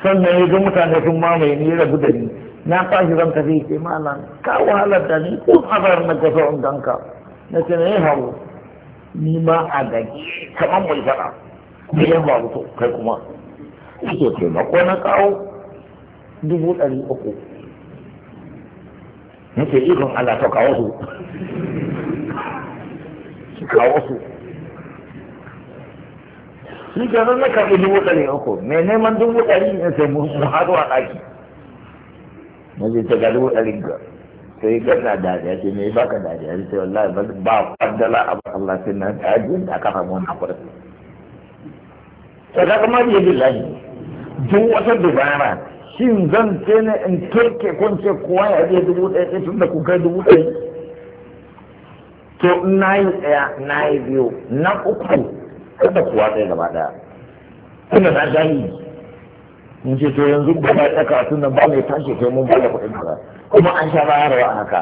sannan ya ga mutane sun mamaye ni ya rabu da ni na tashi zan tafi ke malam ka wahalar da ni ko azar na gaso in ganka na ce na eh, yi hawo ni ma a gaji kamar mai fara me ya faru to kai kuma yake taimako na kawo dubu ɗari uku nake ikon Allah to kawo su kawo su shi ke nan na karɓi dubu ɗari uku mai neman dubu ɗari ne sai mu haɗu a ɗaki na zai ta ga dubu ɗari ga sai da dariya ce me baka dariya ce wallahi ba fadala a ba Allah sai na tajin da aka samu wannan kuɗi sai kuma yi billahi duk wata dubara shin zan ce ne in turke kun ce kowa ya je dubu ɗaya tun da kuka dubu ɗaya to na yi tsaya na yi biyu na uku kada kuwa ɗaya gaba ɗaya ina na gani in ce to yanzu ba ka tsaka da ba mai tashi kai mun ba da kuɗin ba kuma an sha bayarwa a haka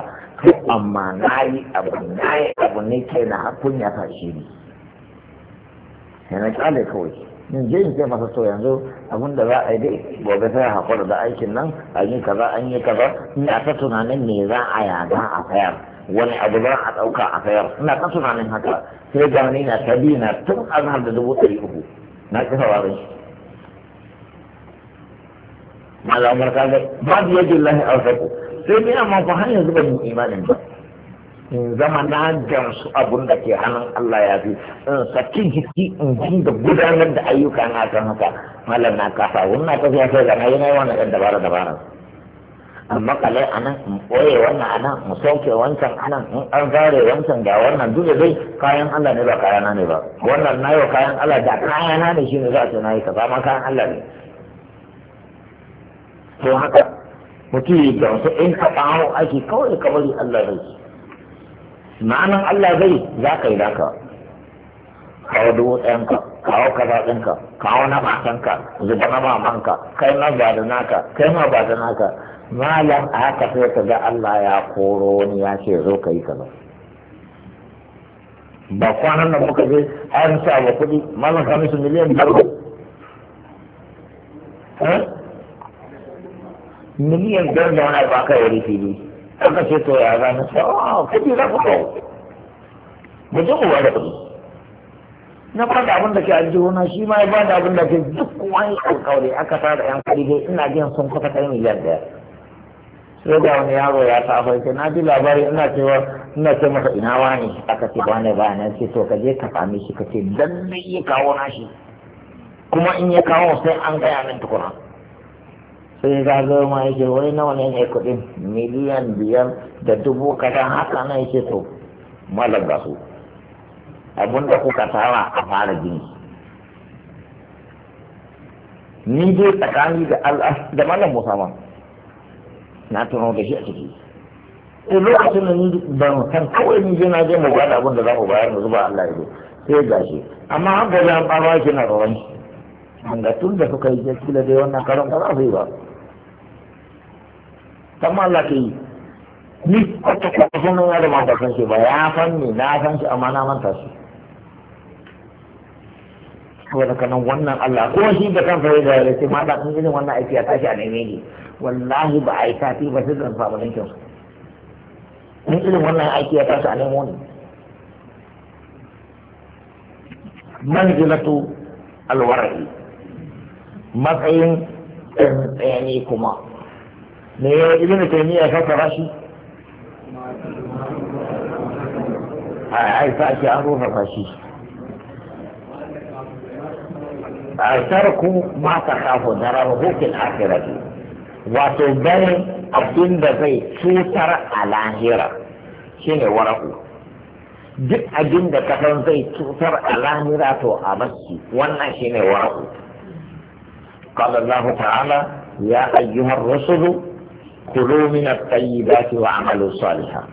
amma na yi abu na yi abu ne ke na hakun ya fashe ni sai na kyale kawai in je in ce masa to yanzu abin da za a yi dai gobe sai hakura da aikin nan a yi kaza an yi kaza ina ta tunanin me za a yaga a fayar wani abu za a ɗauka a fayar ina ta tunanin haka sai ga ni na ta biyu na tun azhar da dubu ɗari uku na ƙi sauraron shi malamar kaga babu yajin lahi a wasu sai dai amma ba har yanzu ban yi imanin ba in zama na gamsu abun da ke hannun Allah ya fi in saki jiki in jin da gudanar da ayyuka na kan haka malam na kafa. wannan na tafiya sai zama na yi na yi wannan ɗan dabara dabara amma kalai a nan in ɓoye wannan a nan mu sauke wancan a nan in an zare wancan ga wannan duk da dai kayan Allah ne ba kayana ne ba wannan na yau kayan Allah da kayana ne shi ne za a ce na yi kaza ma kayan Allah ne to haka mutum ya gamsu in ka ɗawo ake kawai ka bari Allah zai ma'anan Allah zai za ka yi naka kawo dubu ɗayanka kawo kaza ɗinka kawo na matanka zuba na mamanka kai na ba da naka kai ma ba da naka malam a haka sai ka ga Allah ya koro wani ya ce zo ka yi kaza ba kwanan nan muka je an sa wa kuɗi malam kamisu miliyan miliyan biyar da wani ba ka yari fili aka ce to ya zama sai oh, oh kaji za ku kawo mu ji ku da kuɗi na da abin da ke aljihuna shi ma ya da abin da ke duk wani alkawari aka da yan kuɗi dai ina jin sun kuka kai miliyan biyar. sai da wani yaro ya ta farke na ji labari ina cewa ina ce masa ina wani aka ce ne ba ne ce to ka je ka same shi ka ce ne ya kawo na shi kuma in ya kawo sai an gaya min tukuna sai zagayo ma yake wai nawa ne ne kuɗin miliyan biyar da dubu kada haka na yake to malam ga su da kuka tara a fara jini ni dai tsakani da al'as da malam musamman na tuno da shi a ciki sai eh, lokacin da ni ban san kawai ni je na je mu gwada abin da za mu bayar mu zuba Allah ya sai ga shi amma haka da an ba shi na rawan shi tun da suka yi kila dai wannan karon ba za su yi ba kama Allah ke yi ni kwata kwata sun nan yadda mata san shi ba ya san ni na san shi amma na manta shi saboda kanan wannan Allah ko shi da kan fara da yake ma da kun wannan aiki ya tashi a neme ne. wallahi ba a yi tafi ba sai zan samu kyau ni in irin wannan aiki ya tashi a nemo ni manzilatu alwara'i matsayin tsayani kuma ابن تيمية فكر عشي عايز عشي عروف الرشي اتركوا ما تخافوا ضربوا في الآخرة وتبني الدين بزي توتر على هيرا شين ورقوا دك الدين دا كتن زي توتر على هيرا تو أبسي وانا شين ورقوا قال الله تعالى يا أيها الرسل kulu min at-tayyibati wa amalu salihan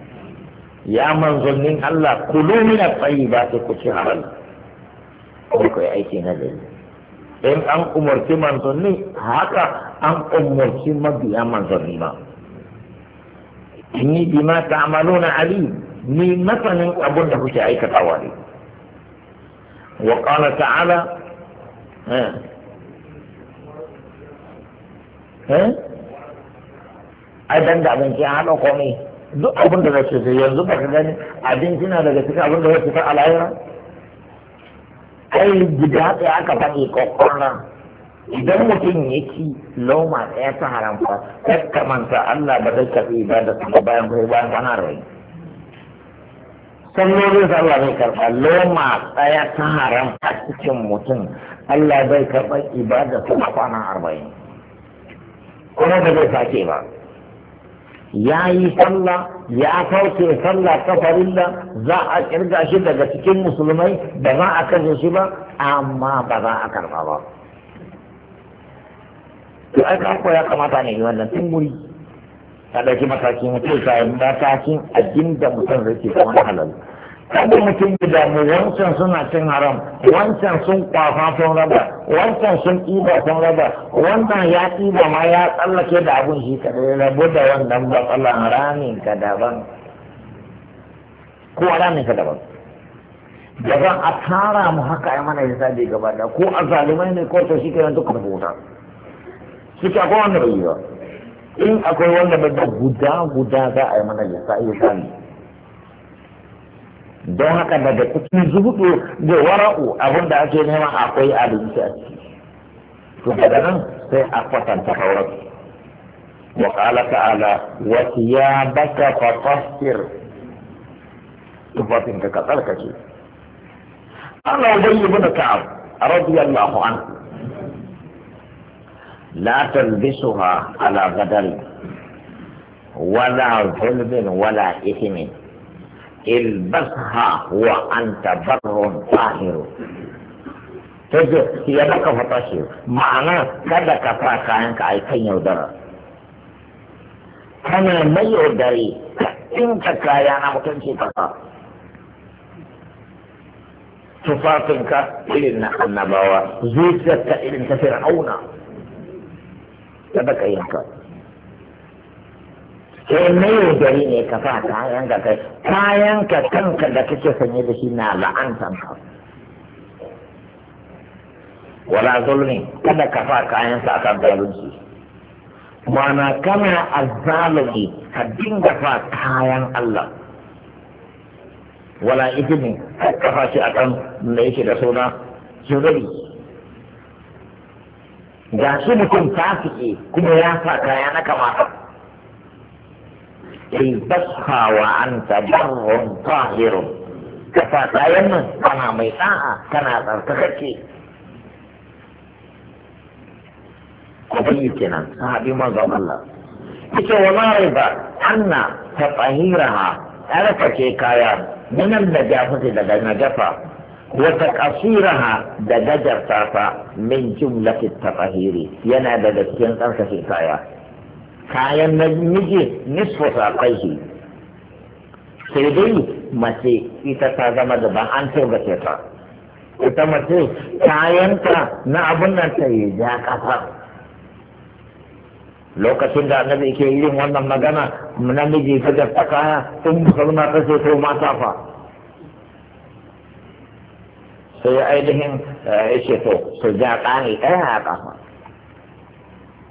ya manzannin Allah kulu min at-tayyibati ku ci halal ko kai aiki na gari in an umarci manzanni haka an umarci mabiya manzanni ba inni bima ta'maluna alim ni masanin abun da kuke aikatawa ne wa qala ta'ala eh eh ai dan da abinci an haɗa komai duk abin da zai sai yanzu ka gani abinci na daga cikin abin da zai fita a lahira ai gida ɗaya aka faɗi kokoran idan mutum ya ci loma ɗaya ta haramta ya kamanta Allah ba zai karɓi ibada ba bayan kai bayan kwana arba'in sallolin sa Allah zai karɓa loma ɗaya ta a cikin mutum Allah bai karɓa ibada ta kwanan arba'in kuma ba zai sake ba ya yi sallah ya kauce sallah da za a kirga shi daga cikin musulmai da za a kashe shi ba amma ba za a karba ba to ai ka ya kamata ne yi wannan tun wuri ta ɗauki matakin mutum sa matakin a da mutum zai ke kamar halal kada mutum ya damu wancan suna cin haram wancan sun kwafa sun raba wancan sun ɗiba sun raba wannan ya ɗiba ma ya tsallake da abun shi kaɗai rabu da wannan tsallan ramin ka daban ko ramin ka daban daban a tara mu haka ya mana sabi gaba da ko a zalimai ne ko to shi kenan duka rubuta shi ke akwai wanda bai yi ba in akwai wanda bai guda guda za a yi mana hisabi don haka daga cikin zuhudu da wara'u abinda ake nema akwai a ciki to daga nan sai a kwatanta kauran wa qala ta'ala wa baka fatahhir tufafin ka ka tsarkake ana ubayyi bin ka'ab radiyallahu an. la talbisuha ala gadal wala zulmin wala ihimin. ilbasha wa anta barron tahiru tajo ya daka fata shi ma'ana kada ka fara kayan ka aikan yaudara kana mai yaudare ka ɗinka kayan na mutunci kasa tufafinka irin na annabawa zuciyarka irin ta fir'auna kada ka yi sai na yi gari ne ka sa kayan ka kai kayan ka kanka da kake sanye da shi na la'antan ka wala zulmi kada ka sa kayan sa kan zalunci mana kana azzalumi ka dinga sa kayan Allah wala izini ka sa shi akan da yake da suna zurbi ga shi mutum fasiki kuma ya sa kaya na kamata in tasha wa anta barrun tahirun kata tayan kana mai sa'a kana tsarkakake kuma yi kenan sahabi maza Allah yake wa mara ba anna ta tsahira ha ɗarfa ke kaya minan da jafa ta daga na jafa wata kasira ha da gajarta ta min jumlatin ta tsahiri yana daga cikin tsarkake kaya kayan namiji nisfu saƙaihi sai dai mace ita ta zama daban an turgace ta ita mace kayanta na abunanta nan ta yi ja lokacin da annabi ke yin wannan magana namiji ta gasta kaya sun musulma ta ce ko mata fa sai ainihin eh, ya ce to su ja ƙani ɗaya a kafa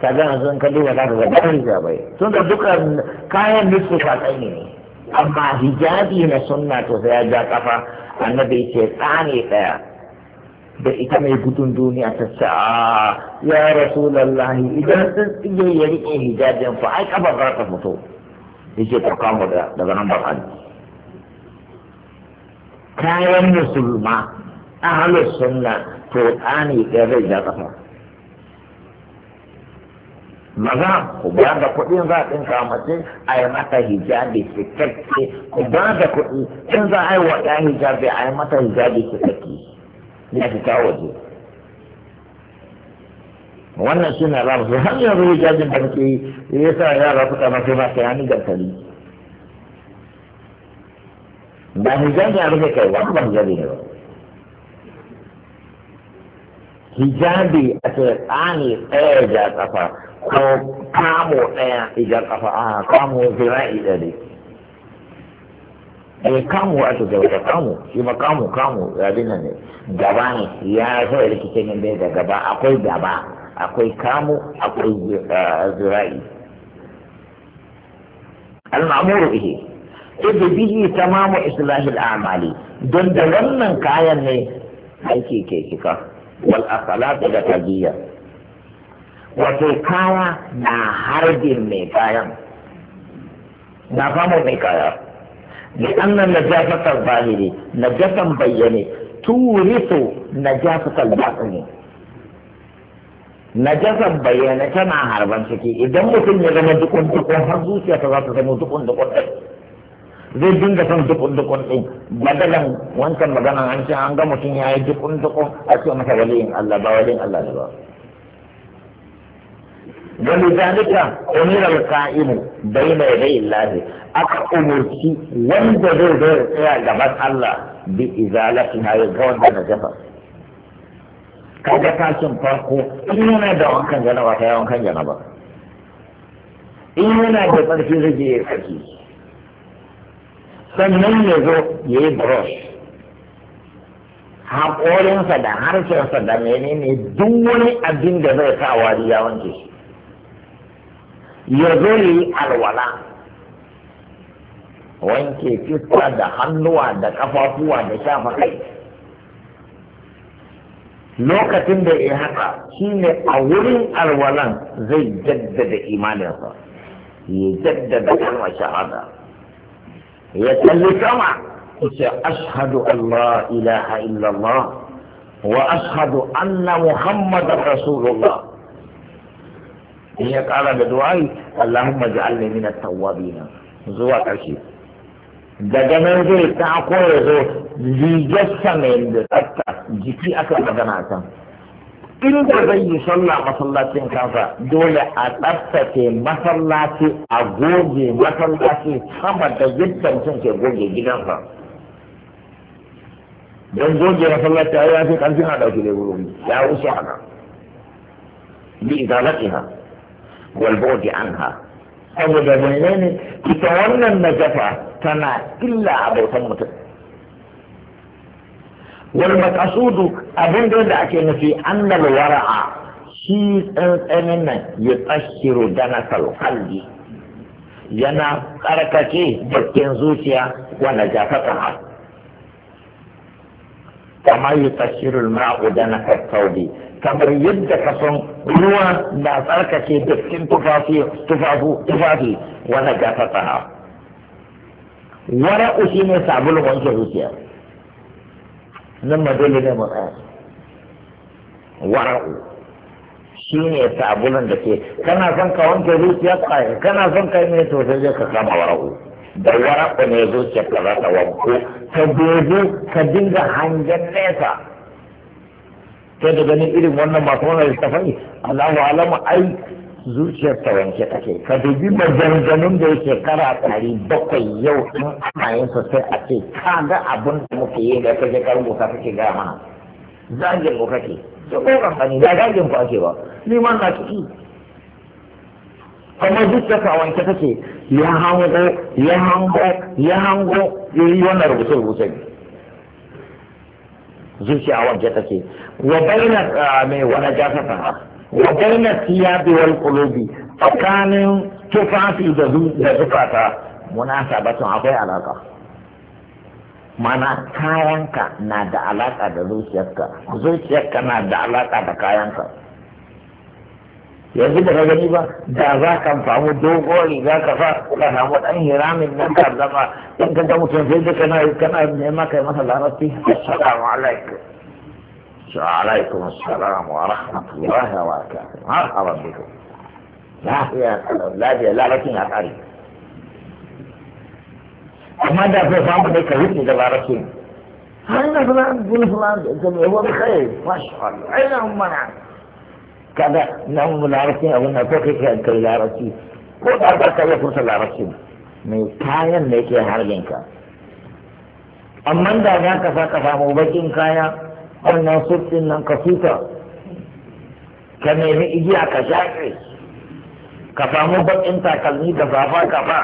ka ga yanzu ka duba za ka ga ɗan bai tun da dukkan kayan nisfu tsaye ne amma hijabi na sunna to sai ya ja kafa annabi ce tsane ɗaya da ita mai gudun duniya ta ce a ah, ya rasulallahi idan sun tsige ya riƙe hijabin fa ai kafa za ta fito yake ta kama daga nan bakani kayan musulma a ahalus sunna to tsane ɗaya zai ja kafa maza ku ba da kuɗin za a ɗinka mace a yi mata hijabi cikakke ku ba da kuɗi in za a yi wa ɗaya hijabi a yi mata hijabi cikakke ya fita waje wannan shi na rabu har yanzu hijabin da muke yi ya sa yara suka mace ba ta yani gantari ba hijabi a rufe kai wani ba hijabi ne ba hijabi a ce tsani tsaye ja kafa ko Kamu ɗaya idan kafa a kamo zira'i ɗari eh kamo a ta zauka kamo shi ma Kamu Kamu, ya nan ne gaba ne ya so ya rikice min da gaba akwai gaba akwai Kamu, akwai eh, zira'i al-ma'muru bihi idda bihi tamamu islahil a'mali don da wannan kayan ne aiki ke kika wal akhlaq da tarbiyya wato kaya na harbin mai kayan na famo mai kaya da jafatar najafatar na jafan bayyane turisu najafatar na jafan bayyane tana harban ciki idan mutum ya zama dukun dukun har zuciya ta za ta zama dukun dukun ɗin zai dinga son dukun dukun ɗin badalan wancan maganan an ce an ga mutum ya yi dukun dukun a ce masa waliyin Allah ba waliyin Allah ne ba gani zalika umira al-qa'imu bayna yaday Allah aka umurci wanda zai zo ya tsaya gaba Allah bi izalati ha ya ga wanda na jafa kaga tashin farko in yana da wankan janaba ta wankan janaba in yana da tsarki zai yi tsaki sannan ya zo ya yi brush haƙorinsa da harshensa da menene duk wani abin da zai sa wariya wanke shi يذل الولاء وان كي تتا دا حنوا دا كفافوا دا شافقين لوكا تندى إيهاقا كين أولين الولاء زي جدد إيمانيه يجدد كلمة شهادة يتلي أشهد أن لا إله إلا الله وأشهد أن محمد رسول الله in ya ƙara da duwai, Allahumma ja'alni min at-tawwabin zuwa ƙarshe daga nan zai ta koya zo rigarsa mai da tsafta jiki aka magana kan inda zai yi sallah masallacin kansa dole a tsaftace masallaci a goge masallaci sama da yadda mutum ke goge gidansa don goge masallaci ya fi ƙarfin a ɗauki da wuri ya wuce haka bi izalaƙiha والبعد عنها أو يعني إذا تتولى النجفة تنا إلا أبو ثمت والمقصود أبن دون أكين في أن الورع شيء أمن يتأشر دنة القلب ينا قركتي بكين زوتيا ونجافتها كما يتأشر الماء دنة الثوبي kamar yadda ka san ruwa na tsarkake dukkan tufafi tufafu tufafi wannan gata tsaha wara shi ne sabulun wanke zuciya nan ma dole ne mu tsaya u shi ne sabulun da ke kana son ka wanke zuciya tsaye kana son ka yi mai to sai ka kama u. da u ne zuciya ka za ta wanko ka dogo ka dinga hangen nesa kai da ganin irin wannan masu wannan littafai Allahu alamu ai zuciyar ta wanke take ka dubi maganganun da yake kara ɗari bakwai yau in ana yin sai a ce ka ga abin da muke yi da kaje ka rubuta kake gaya mana zagin mu ke to ko kankani da zagin ku ake ba ni ma na ciki kuma zuciyar ta wanke take ya hango ya hango ya hango yi wannan rubuce-rubuce zuciya wajen take wa baina mai wa najasata wa baina siyabi wal qulubi tsakanin tufafi da da zukata sabatun akwai alaka mana kayanka na da alaka da zuciyarka zuciyarka na da alaka da kayanka yanzu da ka gani ba da za ka samu dogon riga ka fa ka samu dan hiramin nan ka zama in ka ga mutum sai da kana kana nema kai masa larabci assalamu alaikum وعليكم السلام ورحمة الله وبركاته مرحبا بكم لا يا لا يا لا لكن أتعرف أما ده في فهم ده كهيت ده بارسين هل فلان بن فلان هو بخير ما شاء الله أين هم منعم kada nan larabci a wannan ko kai kai kai larabci ko da ba ka yi fursa larabci mai kayan ne ke harbin ka amma da za ka sa ka samu bakin kaya wannan surtin nan ka fita ka nemi igiya ka shafe ka samu bakin takalmi da zafa ka fa,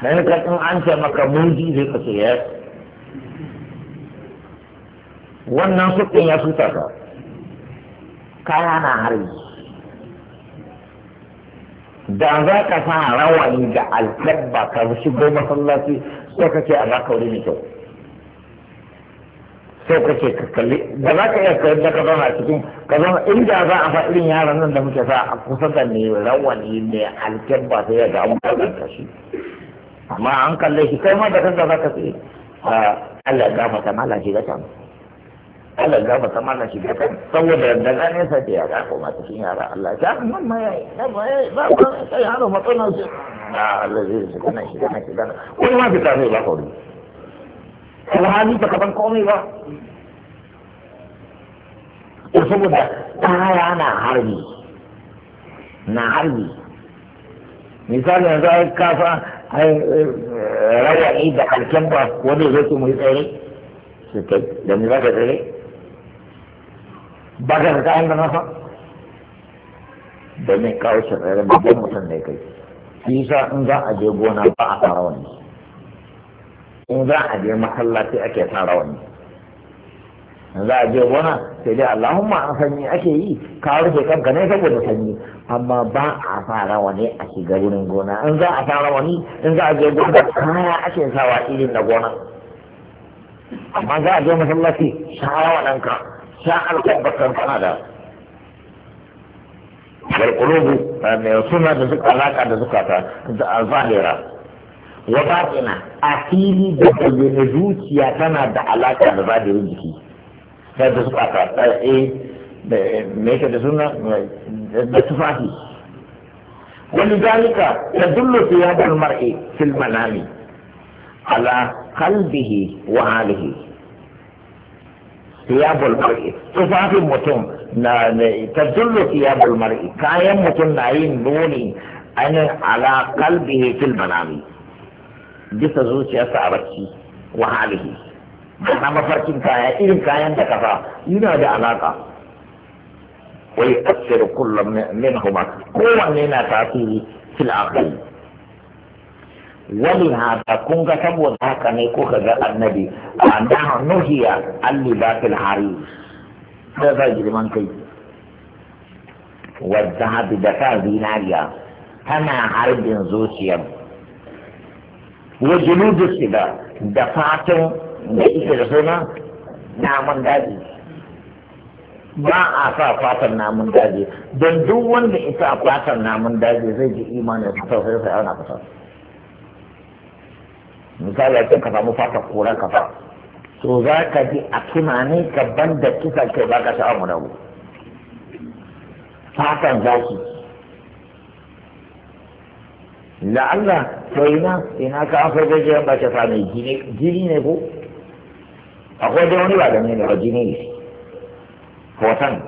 sai ka in an ce maka muji zai ka ce wannan surtin ya fita ka kaya na harbi da za ka sa rawani da alkabba ka shigo masallaci sai ka ce a za ka wuri mai kyau sai ka ce ka kalli da za ka iya kayar da ka zama a cikin ka zama inda za a sa irin yaran nan da muke sa a kusa da ne rawani ne alkabba sai ya ga an ka shi amma an kalle shi kai ma da kanka za ka ce ah, Allah ya gafarta mala shi da kanka Allah ga mata mana shi da kan saboda da ganin sa ke yara ko mata shi yara Allah ya mun ma yayi ba ba sai haro matsala shi Allah zai wani ma fita sai ba ko alhali ba kaban komai ba ko saboda kaya na harbi na harbi misali yanzu ai kafa ai eh, rawa'i da alkamba wanda zai mu yi tsere sai kai da mu za ka tsere ba da kayan da nasa domin kawo shi tsere babban mutum ne kai shi sa in za a je gona ba a fara wani in za a je masallaci ake fara wani in za a je gona sai dai allahumma an sanyi ake yi ka rufe kanka ne saboda sanyi amma ba a fara wani a shiga wurin gona in za a fara wani in za a je gona kaya ake sawa irin na gona amma za a je masallaci shara waɗanka ta alƙar bakar fada garkulobu da mai eh, suna da suka alaƙa da suka ta da alfahira wa batina a fili da bayyana zuciya tana da alaƙa da zahirin jiki ta da suka ta a eh, e da meka da suna da tufafi wani dalika ta dullo su yadda mar'i filmanani ala kalbihi wa halihi siyabul mar'i tufafin mutum na tadullu siyabul mar'i kayan mutum na yin nuni anin ala qalbihi fil manami bisa zuciyarsa a barci wa halihi na mafarkin kaya irin kayan da kafa yana da alaka wai asiru kullum min huma kowanne na tasiri fil aqli ولهذا كونغا تبو ذاك نيكو كذا النبي أنها نهي اللباس الحرير هذا يجرمان كي والذهب دفع ديناريا تنا حرب زوسيا وجلود السباع دفعتم بإيش رسولنا نعم دادي ba a sa fatan namun daji don duk wanda isa fatan namun daji zai ji imanin sosai sai ana fasa misali a ka samu fata kura kafa to za ka ji a tunani ka ban da kisa kai ba ka sha'amu na fatan za zaki la'alla to ina ina ka an farko jiran ba ka sami jini ne ko akwai da wani ba da ne ba jini ne hoton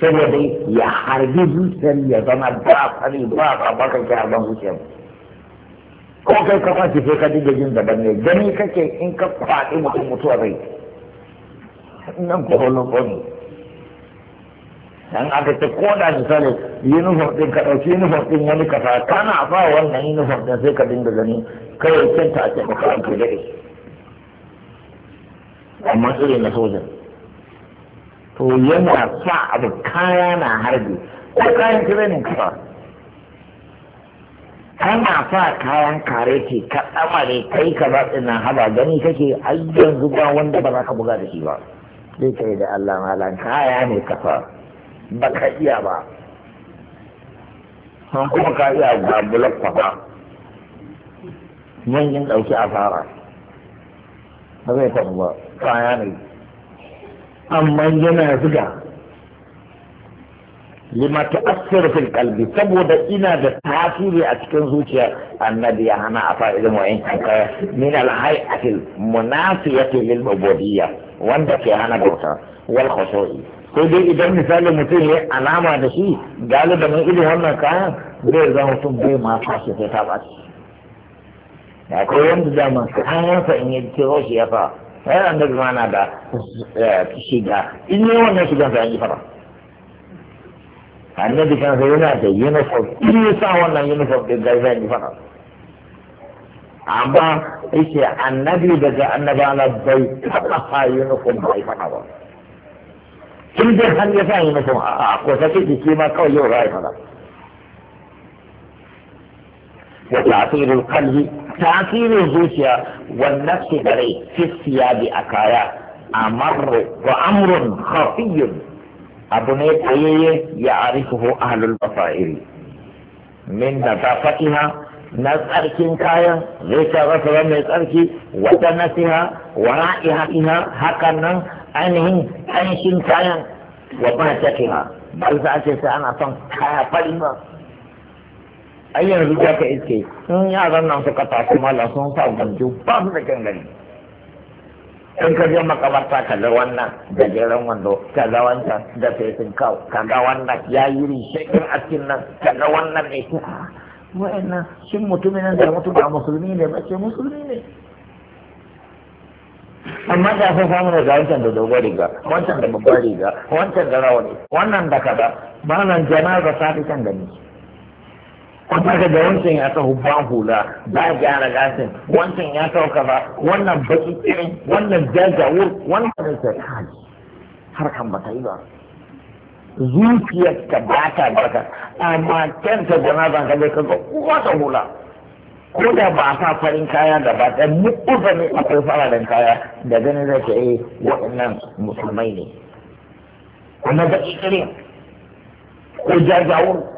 saboda ya harbi zuciyar ya zama ba tsari ba a baka ki harban zuciyar ko kai ka fashi sai ka diga jin daban ne gani kake in ka faɗi mutum mutuwa zai nan ko holon kwanu dan aka ce ko da misali uniform din ka ɗauki uniform din wani kasa kana ba wannan uniform din sai ka dinga gani kai kenta a ce maka an daɗe amma irin na sojan to yana sa abu kaya na harbi ko kayan training kafa kana sa kayan kare ce ka ne, kai ka ba tsina haba gani kake ai yanzu ba wanda ba za ka buga da shi ba zai kai da Allah malan kaya ne ka fa ba ka iya ba san kuma ka iya ga bulak kwafa manyan a asara ba zai faru ba kaya ne amma yana zuga lima ta'assir fil qalbi saboda ina da tasiri a cikin zuciya annabi ya hana a fa'ilin wa'in kanka min al hay'atil munasiyati lil ubudiyya wanda ke hana bauta wal khushu'i sai dai idan misalin mutum ya alama da shi da galiban irin wannan kayan zai zama mutum bai ma fashi sai ta baci akwai wanda dama kayansa in ya kiro shi ya fa sai annabi ma na da eh, shiga in yi wannan shigan sai an yi fara annabi kansa yana da uniform in sa wannan uniform din ga zai yi fara amma yake annabi daga annabi ala bai taba fa uniform bai fara ba kin da har ya sa uniform a ko sake jiki ma kawai yau rai fara wa ta'sirul qalbi ta'sirul zuciya wan nafsi bare fi siyabi akaya amr wa amrun khafiyun abu ne tsayayye ya arifuhu ahalul basairi min da tafatiha na tsarkin kayan zai ta rasa mai tsarki wata nasiha wa ra'iha hakan nan ainihin ainihin kayan wa ba ta kiha bal za ce sai ana son kaya fari ba ai yanzu ka iske in yaran nan suka tafi mala sun sa ganjo ba su da kan gari in ka je makabarta ka ga wannan da jeren wando ka ga wancan da fesin kau, ka ga wannan ya yi rishekin a cikin nan ka ga wannan ne ke wa'annan shin mutumin nan da mutum ba musulmi ne ba ce musulmi ne amma da sun samu da wancan da dogon riga wancan da babban riga wancan da rawani wannan da kaza ba nan jana'a ga sabitan gani kuma da wancan ya ta hubban hula ba gyara gasin wancan ya ta kaza wannan baki irin wannan jajawur wannan da ta kaji har kan ba yi ba zuciyarka ba ta baka amma kanta janazan ka zai kaga kowa ta hula ko da ba a sa farin kaya da ba ɗan mukuza ne akwai fararen kaya da ganin zai ce eh waɗannan musulmai ne kuma baki irin ko jajawur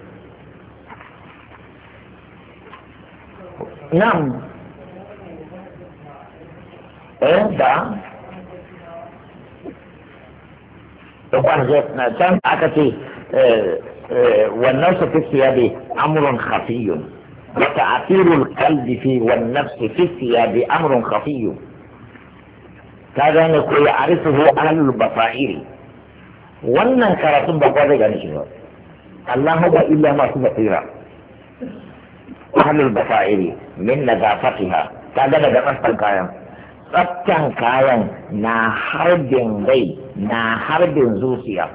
نعم انت تقول جاتنا كم أكتي والنفس في الثياب أمر خفي وتعثير القلب في والنفس في الثياب أمر خفي هذا يقول يعرفه أهل البصائر وانا karatun بقوة kwa الله هو الا ما في ba ahlul basairi min nazafatiha kaga daga tsaftan kayan tsaftan kayan na harbin rai na harbin zuciya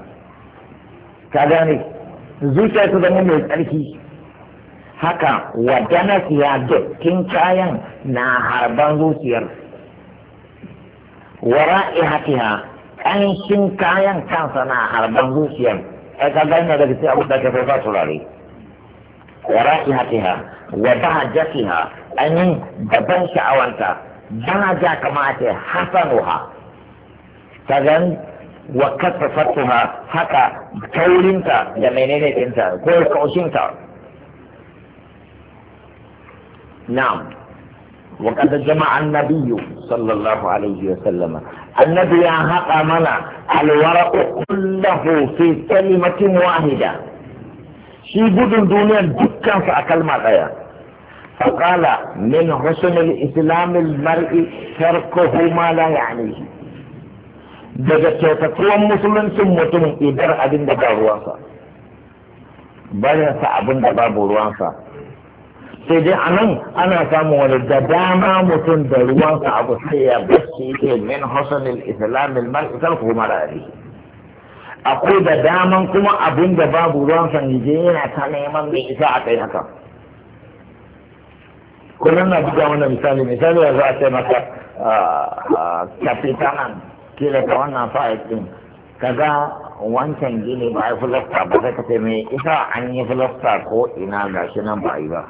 ka gane zuciya ta zama mai tsarki haka wadana siya dukkin kayan na harban zuciyar wara ihatiha kanshin kayan kansa na harban zuciyar ai ka gane daga sai abu da ka fa turare ورائحتها وبهجتها أني دبن شعوانتا درجة كما حسنها تغن فتها حتى تولينتا لمنين انت كل كوشينتا نعم وقد جمع النبي صلى الله عليه وسلم النبي حق منا الورق كله في كلمة واحدة shi gudun duniyar dukkansu a kalma ɗaya faƙala min husnul islamil mar'i tarkuhu ma la ya'nihi daga kyautatuwan musuluncin mutum idar abin da ba ruwansa bayan sa abin da babu ruwansa sai dai a nan ana samun wani da dama mutum da ruwansa abu sai ya bashi yake min husnul islamil mar'i tarkuhu ma la ya'nihi akwai da daman kuma abin da babu ruwan sanje yana ta neman da isa a kai haka kullum na buga wannan misali misali yanzu a ce maka kapitanan kila ta wannan fa'id din kaga wancan gini ba a yi filasta ba sai ka ce mai isa an yi filasta ko ina shi nan ba a yi ba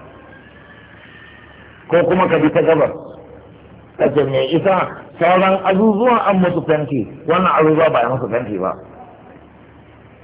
ko kuma ka bi ta ka ce mai isa sauran azuzuwan an musu fenti wannan azuzuwa ba a musu fenti ba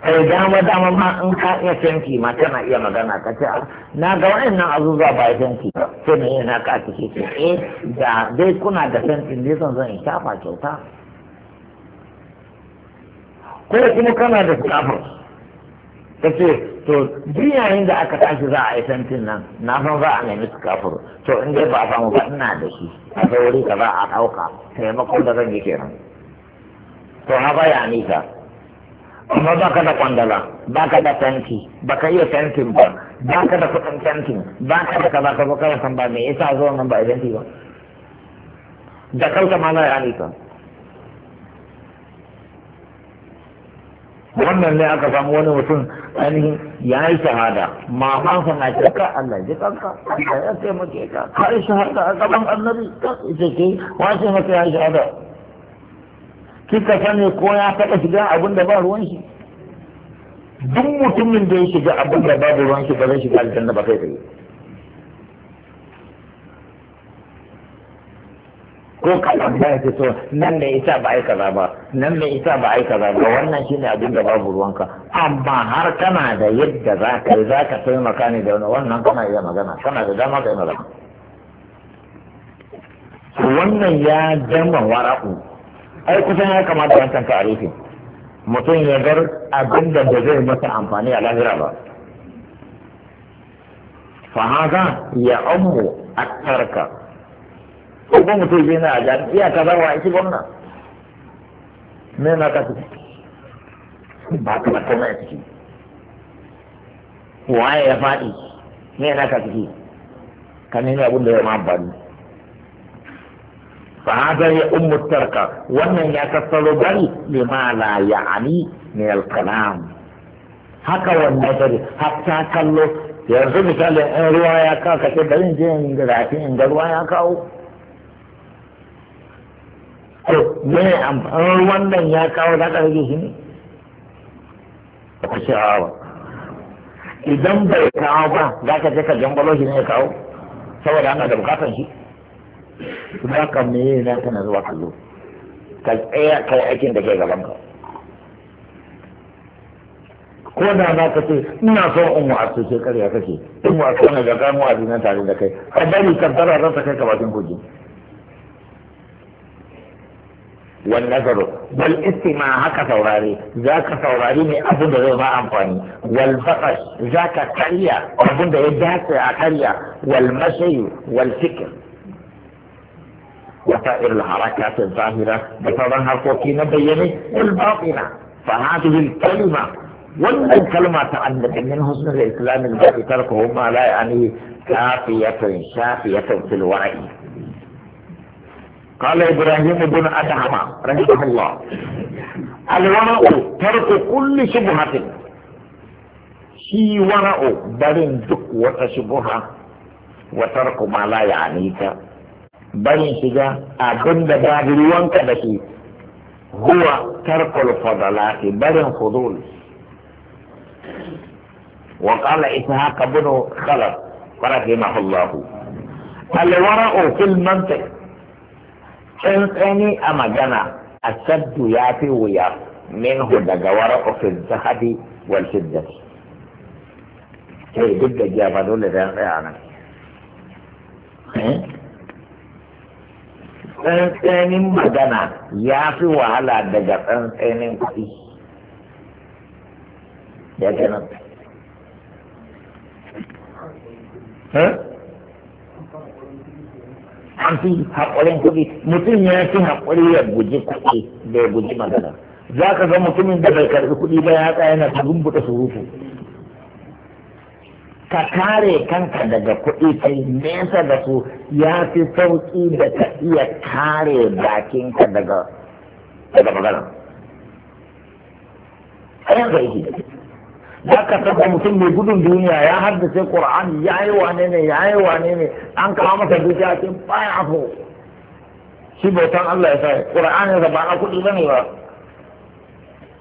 kai eh, dama dama ma in ka iya fenti ma tana iya magana ka ce ah, na ga wayannan azuzuwa ba ya fenti sai na yi na ka ciki ce eh da dai kuna da fenti ne zan zan in shafa kyauta ko kuma kana da kafin ta ce to duk da aka tashi za a yi fentin nan na san za a nemi kafin to in dai ba a samu ba ina da shi a sauri ka za a ɗauka taimakon da zan yi kenan to na baya nisa amma ba ka da kwandala ba ka da fenti ba ka iya fentin ba ba ka da kudin fentin ba ka da kaza ka zo kana san ba me yasa zo nan ba idan ba da kauta ma na yani ka wannan ne aka samu wani mutum ainihin ya yi shahada ma fansa na ce ka Allah ji kanka Allah ya taimake ka ka yi shahada a gaban annabi ka ce ke wace mata ya yi shahada kika sani ko ya taɓa shiga abin da ba ruwan shi duk mutumin da ya shiga abin da babu ruwan shi ba zai shiga aljanna ba kai tsaye ko kalan ya yake so nan ne isa ba aika za ba nan ne isa ba aika za ba wannan shine abin da babu ruwanka amma har kana da yadda za ka yi za ka taimaka ne da wannan kana iya magana kana da dama ka yi magana wannan ya gama wara'u ai kusan ya kamata wancan ka a rufe mutum ya bar abin da ba zai masa amfani a lahira ba fahaza ya a attarka ko mutum zai na ga iya ka zarwa a shi gwamna me na ka ba ka ba na a ciki waye ya faɗi me na ka ciki ka nemi abin da ya ma amfani فهذا يؤم الترك وأن يكسر بري لما لا يعني من الكلام هكا والنظر حتى كله yanzu misali in ruwa ya kawo ka ce bari in je in rafi in ga ruwa ya kawo to me ruwan nan ya kawo za ka rage shi ne ku idan bai kawo ba za ka je ka jambalo shi ne ya kawo saboda ana da bukatan shi kuma haka me ne na kana zuwa kallo ka tsaya kai aikin da ke gaban ka ko da na ka ce ina son in wa su ce kariya kake in wa su ne ga gamu a dinan tare da kai ka bari ka tsara ran ka kai ka bakin kuji wan nazaru bal istima haka saurare zaka saurari ne abin da zai ba amfani wal faqash zaka kariya abin da ya dace a kariya wal mashayu wal fikr وسائر الحركات الظاهره تتظاهر فوق مبينه والباطنة فهذه الكلمه ولو كلمه تعلمت من حسن الاسلام الذي تركه ما لا يعني كافيه شافيه في الوعي قال ابراهيم بن ادهم رحمه الله الورع ترك كل شبهه شي ورع بل برندك وتشبهه وترك ما لا يعنيك bayin shiga abin da ba ruwanka da shi huwa tarkul fadalati barin fudul wa qala ishaq ibn khalaf rahimahullah al wara'u fil mantiq a magana a saddu ya fi wuya minhu daga wara'u fil zahabi wal fiddar sai duk da jiya dole da tsaya nan tsantsanin magana ya fi wahala daga tsantsanin kuɗi ya kenan an fi haƙurin kuɗi mutum ya fi haƙuri ya guji kuɗi ya guji magana za ka ga mutumin da bai karɓi kuɗi ba ya tsaya yana ta zumbuɗa surutu ka kare kanka daga kuɗi kai nesa da su ya fi sauƙi da ka iya kare bakinka daga daga magana a yanzu yake da ka saka mutum mai gudun duniya ya haddace ƙur'ani ya yi wane ne ya yi wane ne an kawo masa dukiya ce bayan afo shi bautan Allah ya sa ya zaba na kuɗi ba ne ba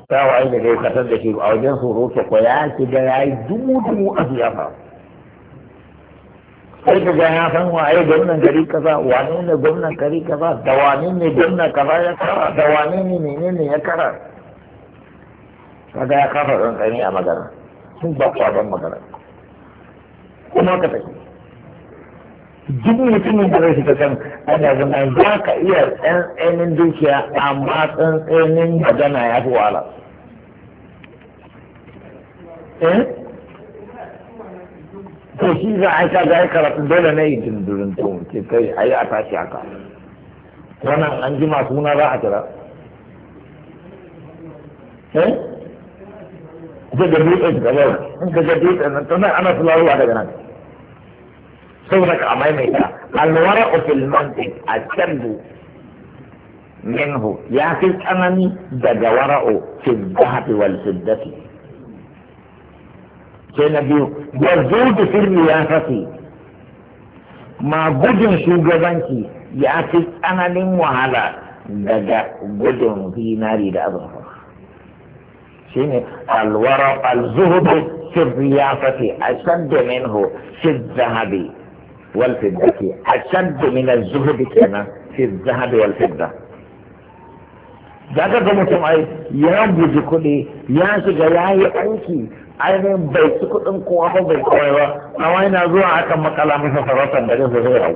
ta waye da kai kasar da shi a wajen surutu ko ya ce da ya yi dumu-dumu a yafa sai ka gaya ya san waye gwamnan gari kaza wane ne gwamnan gari kaza da wane ne gwamnan kaza ya kara da wane ne menene ya kara kaga ya kafa tsantsani a magana sun ba ban magana kuma ka tafi duk mutumin da zai shiga kan ana zama za ka iya tsantsanin dukiya amma tsantsanin magana ya fi wahala eh to shi za a ka ga karatu dole ne yin durin to ce kai ai a tashi haka wannan an ji masu suna za a kira eh zai da dutsen ka zai in ka ga dutsen nan to nan ana fulawa daga nan saboda ka amai mai ta alwara ofil mantik a canbu minhu ya fi tsanani daga wara'o fi zahabi wal fiddati sai na biyu da firmi ya fasi ma gudun shugabanci ya fi tsananin wahala daga gudun zinari da azurfa shi ne alwara alzuhudu can ashaddu minhu fi zahabi wal fiddati ashaddu min az-zuhdi kenan fi zahabi wal fidda zaka ga mutum ai ya guji kuɗi ya shiga ya yi aiki ainihin bai ci kuɗin kowa ko bai kawai ba amma na zuwa akan makala masa farautar da zai zai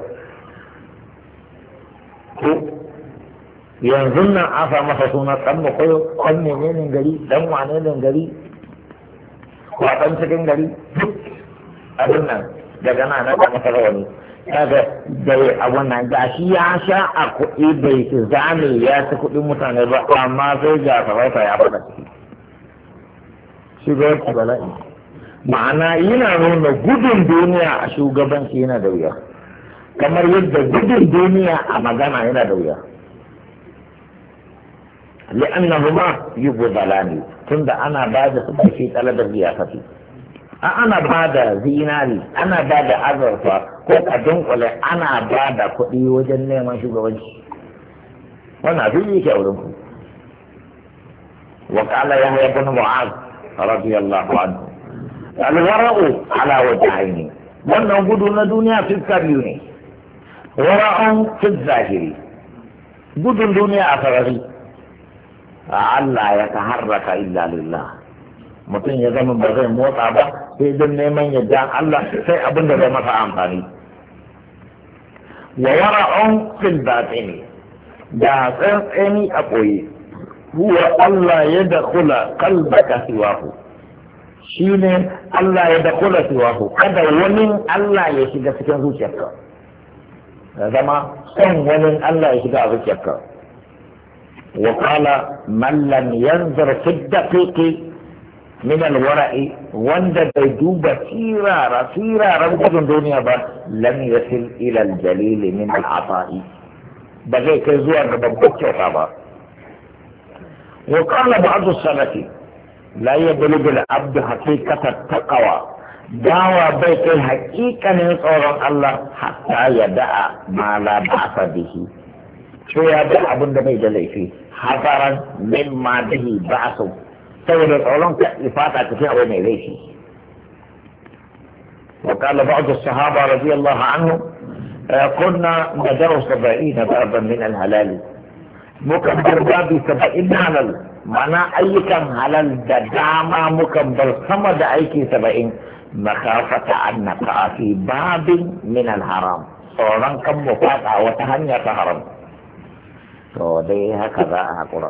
hau yanzu nan an sa masa suna ɗan kwayo ɗan menene gari ɗan wane ne gari kwaɗan cikin gari duk abin nan daga nan na masa rawani kaga bai abun nan ga shi ya sha a kuɗi bai zame ya ci kuɗin mutane ba amma sai ga farauta ya fada ciki shugabanci bala'i ma'ana yana nuna gudun duniya a shugabanci yana da wuya kamar yadda gudun duniya a magana yana da wuya bala ne tunda ana ba da su ba shi talabar riyafati ana ba da zinari ana ba da azurfa ko a dunkule ana ba da kuɗi wajen neman shugabanci wannan abin yake a wurin ku wa qala yahya ibn mu'adh radiyallahu anhu alwara'u ala wajhaini wannan gudu na duniya fiska biyu ne wara'un fi zahiri gudun duniya a A Allah ya taharraka illa lillah mutum ya zama ba zai motsa ba sai don neman yadda Allah sai abin da zai masa amfani wa wara'un fil batini da tsantsani a koyi huwa Allah ya da kula kalbaka siwahu shi ne Allah ya da kula siwahu kada wani Allah ya shiga cikin zuciyarka ya zama son wani Allah ya shiga a zuciyarka wa qala man lam yanzur fi daqiqi min alwara'i wanda bai duba sirara siraran gudun duniya ba lam yasil ila aljalil min al'ata'i ba zai kai zuwa ga babbar ba وقال بعض السلف لا يبلغ العبد حقيقة التقوى دعوى بيت الحقيقة من صورة الله حتى يدعى ما لا بعث به شو يدع أبن دمي دليفي حذرا مما به بأس سيد العلوم كإفاتة كثيرة من إليه وقال بعض الصحابة رضي الله عنهم آه، كنا ندعو بعيدا بابا من الهلال mukan bar babu saba'in na halal mana ayyukan halal da dama mukan bar sama da aiki saba'in makafata an na fi babin min haram tsoron kan mu fada wata hanya ta haram to dai haka za a haƙura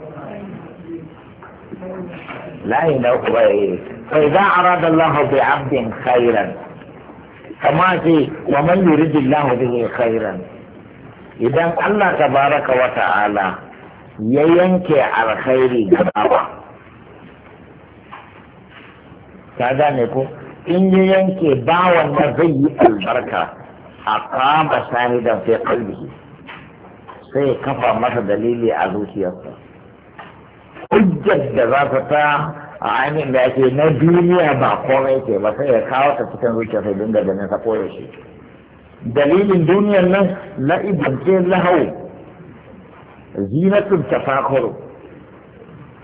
láyé ndé wọ́n wá yé ndé wọ́n zá ara dà lọ́hà a abdi nkàyèrè ndé wọ́n má ti wọ́n má yorí di lọ́hà bí nkàyèrè idan allah tabaara ka wá ta ala yé yẹn kẹ́ alkhayèrè gbàdá wa sada in yé yẹn kẹ́ báwọn yi albarka a kà á ma sani dàn fẹ́ kalbi sai kafa masa dalili a zuciyarsa hujjar da za ta ta a ainihin da ake na duniya ba komai ke ba sai ya kawo ta cikin zuciya sai dinga ganin ta koyo shi dalilin duniyar nan la'ibar ce lahau zinatun tafakuru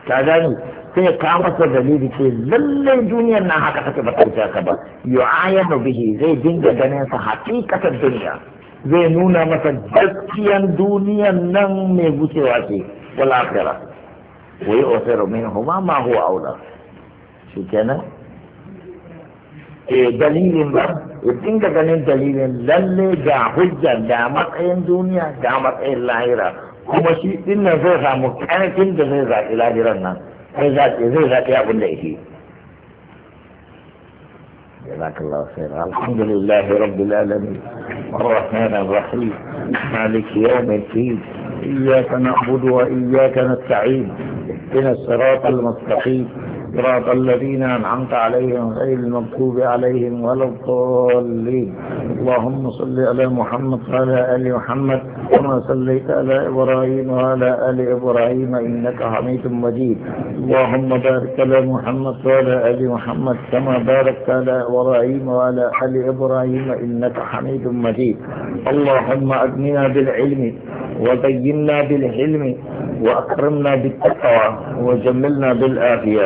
ta gani sai ka masa dalili ce lallai duniyar nan haka take ba ta ka ba yu'ayanu bihi zai dinga ganin sa hakikatar duniya zai nuna masa gaskiyan duniyar nan mai gucewa ce wala akhirah ويؤثر منهما ما هو أولى شو كان إيه، دليل ما يبقى دليل دليل للي جا حجة دامت اي دنيا دامت اي لاهرة هما شيء إن زيزا مكانة إن زيزا إلى جرنا زيزا زيزا يا أبن لئيكي جزاك الله خيرا الحمد لله رب العالمين الرحمن الرحيم مالك يوم الدين إياك نعبد وإياك نستعين إن الصراط المستقيم صراط الذين أنعمت عليهم غير المكتوب عليهم ولا الضالين اللهم صل على محمد وعلى آل محمد كما صليت على إبراهيم وعلى آل إبراهيم إنك حميد مجيد اللهم بارك على محمد وعلى آل محمد كما باركت على إبراهيم وعلى آل إبراهيم إنك حميد مجيد اللهم أدمنا بالعلم وزينا بالحلم وأكرمنا بالتقوى وجملنا بالآفية